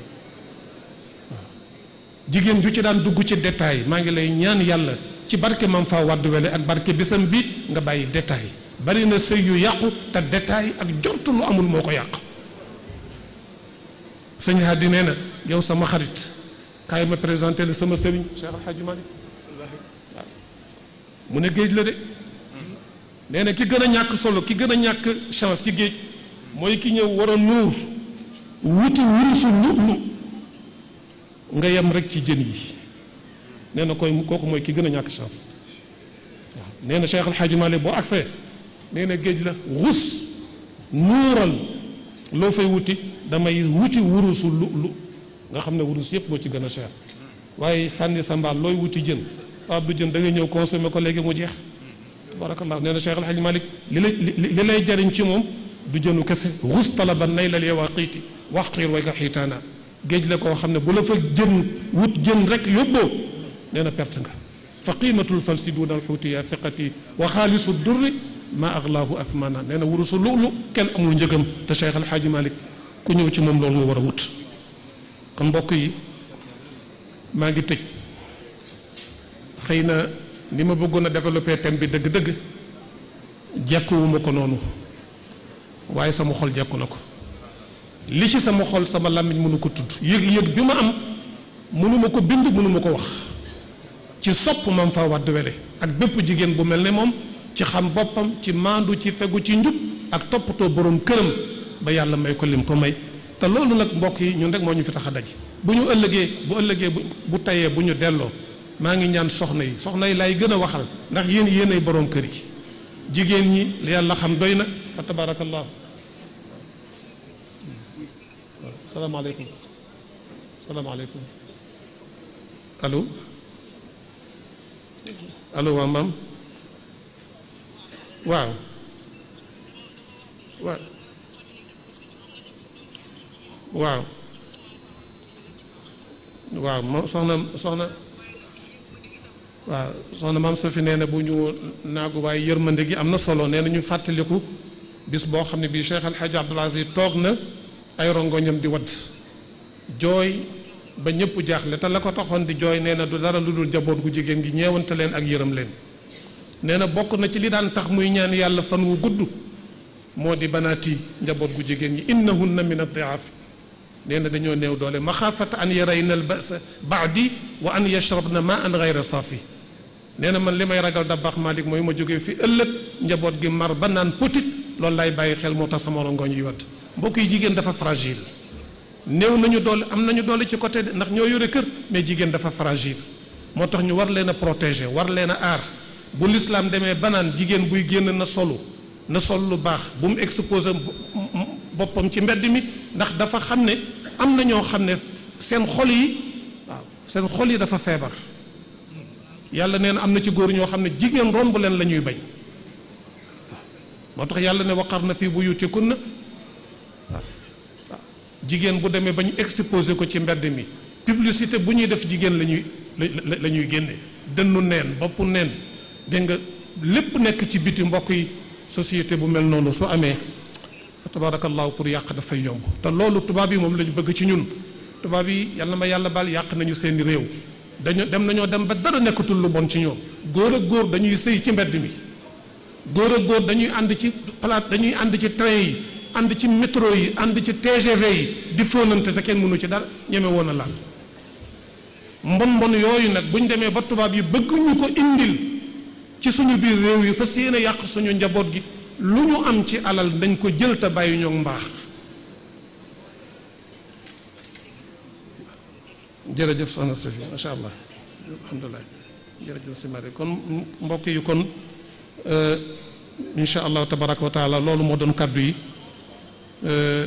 jigéen ju ci daan dugg ci détail maa ngi lay ñaan yàlla ci barke mam faa wàddu wele ak barke bisam bi nga bàyyi détail bari na sëy yu yàqu te détail ak jortu lu amul moo ko yàq sëñ di nee na yow sama xarit kaay ma présenté la sama sëriñ Cheikh Al Hadj mu ne géej la de nee na ki gën a ñàkk solo ki gën a ñàkk chance ci géej mooy ki ñëw war a nuur wuti wurusu nuur nga yem rek ci jën yi nee na koy kooku mooy ki gën a ñàkk chance waaw nee na Cheikh Al Hadj Malick boo accès nee na géej la rus nuural loo fay wuti damay wuti wurusu lu lu nga xamne wurus yep mo ci gëna cher waye sànni sa loy wuti jeun ab du jeun da nga ñëw consommer ko legi mu jeex tabarakallah neena Cheikh Alhaji malik li lay li jariñ ci mom du jeunu kesse rus talaba nayl al yawaqiti waa xiiti wax xiir way la ko xamne bu la fa jeun wut jeun rek yobbo neena perte nga fa qiimatul falsi duuna alxuutiya fiqati wa xaalisu durri ma aglaahu athmana nee na wurusu lu lu kenn amul njëgam te Cheikh Alhaji Malick ku ñëw ci moom loolu nga wut kon mbokk yi maa ngi tëj xëy na li ma bëggoon a développé thème bi dëgg-dëgg jekkuwuma ko noonu waaye sama xol jekku na ko li ci sama xol sama làmmiñ mënu ko tudd yëg-yëg bi ma am mënuma ko bind mënuma ko wax ci sopp mam fa wadd ak bépp jigéen bu mel ne moom ci xam boppam ci maandu ci fegu ci njub ak toppatoo boroom këram ba yàlla may ko lim ko may te loolu nag mbokk yi ñun rek moo ñu fi tax a daj bu ñu ëllëgee bu ëllëgee bu tayee bu ñu delloo maa ngi ñaan soxna yi soxna yi laay gën a waxal ndax yéen yéenay boroom kër yi jigéen ñi yàlla xam doy na fa tabarakallahu salaamaaleykum salaamaaleykum allo allo waa maam waaw waaw waaw waaw moom soxna soxna waaw soxna maam Sofi nee na bu ñu naagu waaye yërmande gi am na solo nee na ñu fàttaliku bis boo xam ne bii Cheikh Al Hadj Aziz toog na ay rongoñam di wadd jooy ba ñëpp jaaxle te la ko taxoon di jooy nee na du dara lu dul jaboot gu jigéen gi ñeewante leen ak yërëm leen nee na bokk na ci li daan tax muy ñaan yàlla fan wu gudd moo di banaati njaboot gu jigéen ñi innahunna min ad-di'af لأن دانيو نيو دولي مخافة أن يرين البأس بعدي وأن يشربنا ما أن غير صافي لأن من لما يرقل دباق مالك مو يمو في ألت نجبوت جي مار بنان بوتيت لول لاي باي خيل موتا سمورون غن يوات بوكي جيجين دفا فراجيل نيو نيو دولي أم نيو دولي كي كوتي نخ نيو يوري كر مي جيجين دفا فراجيل موتوخ نيو وار لينا بروتيجي وار لينا آر بو الإسلام دمي بنان جيجين بوي جين نصولو نصولو باخ بوم اكسبوزم بوبوم تي مبدي مي ndax dafa am na ñoo xam ne seen xol yi waaw seen xol yi dafa feebar yàlla nee na am na ci góor ñoo xam ne jigéen romb leen la ñuy bañ moo tax yàlla ne waqar na fii buyutikunna jigéen bu demee ba ñu exposé ko ci mbedd mi publicité bu ñuy def jigéen la ñuy la ñuy génne dënnu neen boppu neen dégg nga lépp nekk ci biti mbokk yi société bu mel noonu su amee tabaarakallaahu pour yàq dafay yomb te loolu tubaab yi moom lañu bëgg ci ñun tubaab yi yal ma yàlla baal yàq nañu seeni réew dañu dem nañoo dem ba dara nekkatul lu bon ci ñoom góor a góor dañuy sëy ci mbedd mi góor a góor dañuy ànd ci palaat dañuy ànd ci train yi ànd ci métro yi ànd ci TGV yi di fóonante te kenn mënu ci dara ñeme woon a laal mbon mbon yooyu nag buñ demee ba tubaab yi bëgg ko indil ci suñu biir réew yi fas yéene yàq suñu njaboot gi luñu am ci alal dañ ko jël ta te bàyyi ñoog mbaax jërëjëf soxna Safi sha allah alhamdulilah jërëjëf si Mari kon mbokk yu kon euh insha allah tabarak wa taala lolu mo doon kàddu yi euh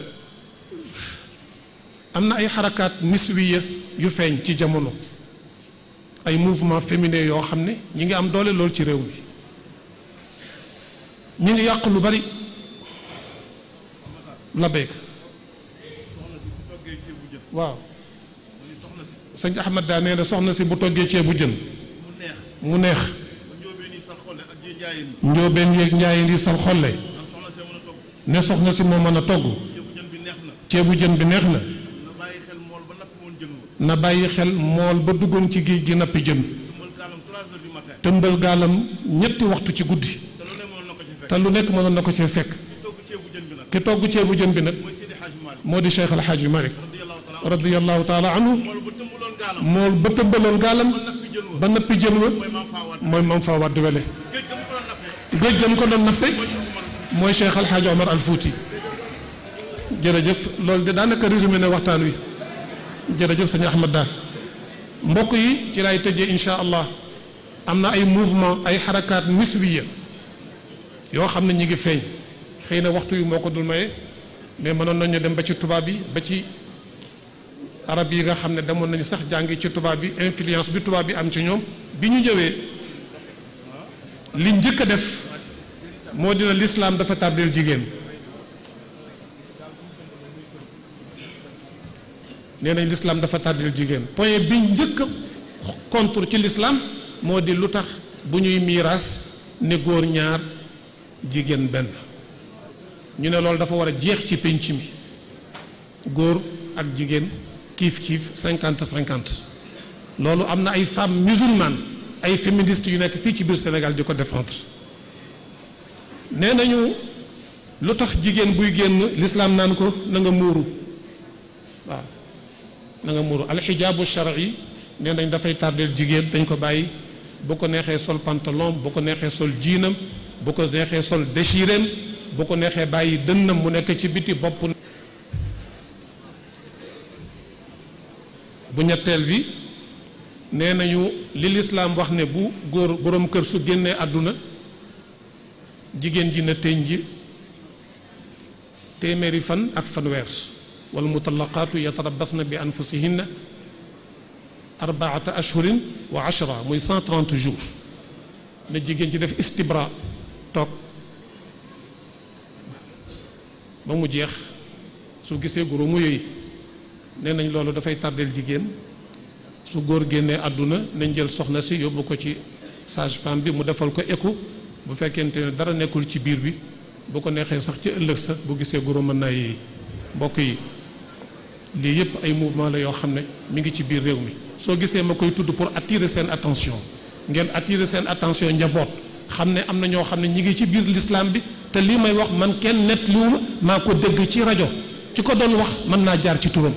amna ay harakat niswiya yu feñ ci jamono ay mouvement féminin yo xamne ñi ngi am doole lool ci réew mi ñu ngi yàq lu bari la béyk waaw sëñ Ahmad daa nee na soxna si bu toggee ceebu jëm mu neex njóobeen yeeg njaayin yi sal xolle ne soxna si moo mën a togg ceebu jën bi neex na na bàyyi xel mool ba duggoon ci géej gi nappi jën tëmbal gaalam ñetti waxtu ci guddi تلو نك ما دون نكو تفك كتو كتير بجن بنا مودي شيخ الحاج مالك رضي الله تعالى عنه مول بتم بلون قالم بنا بيجنو موي مانفا وارد ولي بيجن كون دون نبي موي شيخ الحاج عمر الفوتي جرجف لول دي دانا كريزومي وقتان وي جرجف سني احمد دان مبوكي تي راي تجي ان شاء الله amna ay mouvement ay harakat misbiya yoo xam ne ñu ngi feeñ xëy na waxtu yi moo ko dul maye mais mënoon nañu dem ba ci tubaab yi ba ci arab yi nga xam ne demoon nañu sax jàngi ci tubaab bi influence bi tubaab bi am ci ñoom bi ñu ñëwee li njëkk a def moo dina lislaam dafa tardeel jigéen nee nañ lislaam dafa tardeel jigéen point bi njëkk a contre ci lislaam moo di lu tax bu ñuy miiras ne góor ñaar jigéen benn ñu ne loolu dafa war a jeex ci pénc mi góor ak jigéen kiif kiif cinquante cinquante loolu am na ay femmes musulmanes ay féministe yu nekk fii ci biir Sénégal di ko défendre nee nañu lu tax jigéen buy génn lislaam naan ko nanga nga muuru waaw na nga muuru alxijaabu shar'i nee nañ dafay tardeel jigéen dañ ko bàyyi boo ko neexee sol pantalon boo ko neexee sol jiinam bu nexé sol déchiréem bu nexé bàyyi dënnam mu nek ci biti bop bu ñettel bi nenañu li l'islam wax ne bu gor borom kër su génné aduna jigen ji na tëñ ji téméri fan ak fan wers wal mutallaqaatu yatarabbasna bi anfusihinna arbaata ashhurin wa 10 moy 130 jours na jigen ci def istibra toog ba mu jeex su gisee goro mu nee nañ loolu dafay tardeel jigéen su góor génnee àdduna nañ jël soxna si yóbbu ko ci sage-femme bi mu defal ko écho bu fekkente ne dara nekkul ci biir bi bu ko neexee sax ci ëllëg sa bu gisee goro mën naa yéey mbokk yi lii yëpp ay mouvement la yoo xam ne mi ngi ci biir réew mi soo gisee ma koy tudd pour attire seen attention ngeen attirer seen attention njaboot xam ne am na ñoo xam ne ñi ngi ci biir lislaam bi te lii may wax man kenn net liwuma maa ko dégg ci rajo ci ko doon wax mën naa jaar ci turam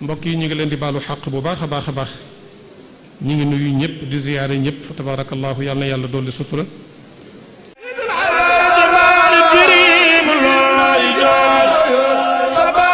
mbokk yi ñu ngi leen di baalu xàq bu baax a baax a baax ñu ngi nuyu ñëpp di ziyaare ñëpp fa tabaarakallaahu yàlla na yàlla dolli sutura Sabah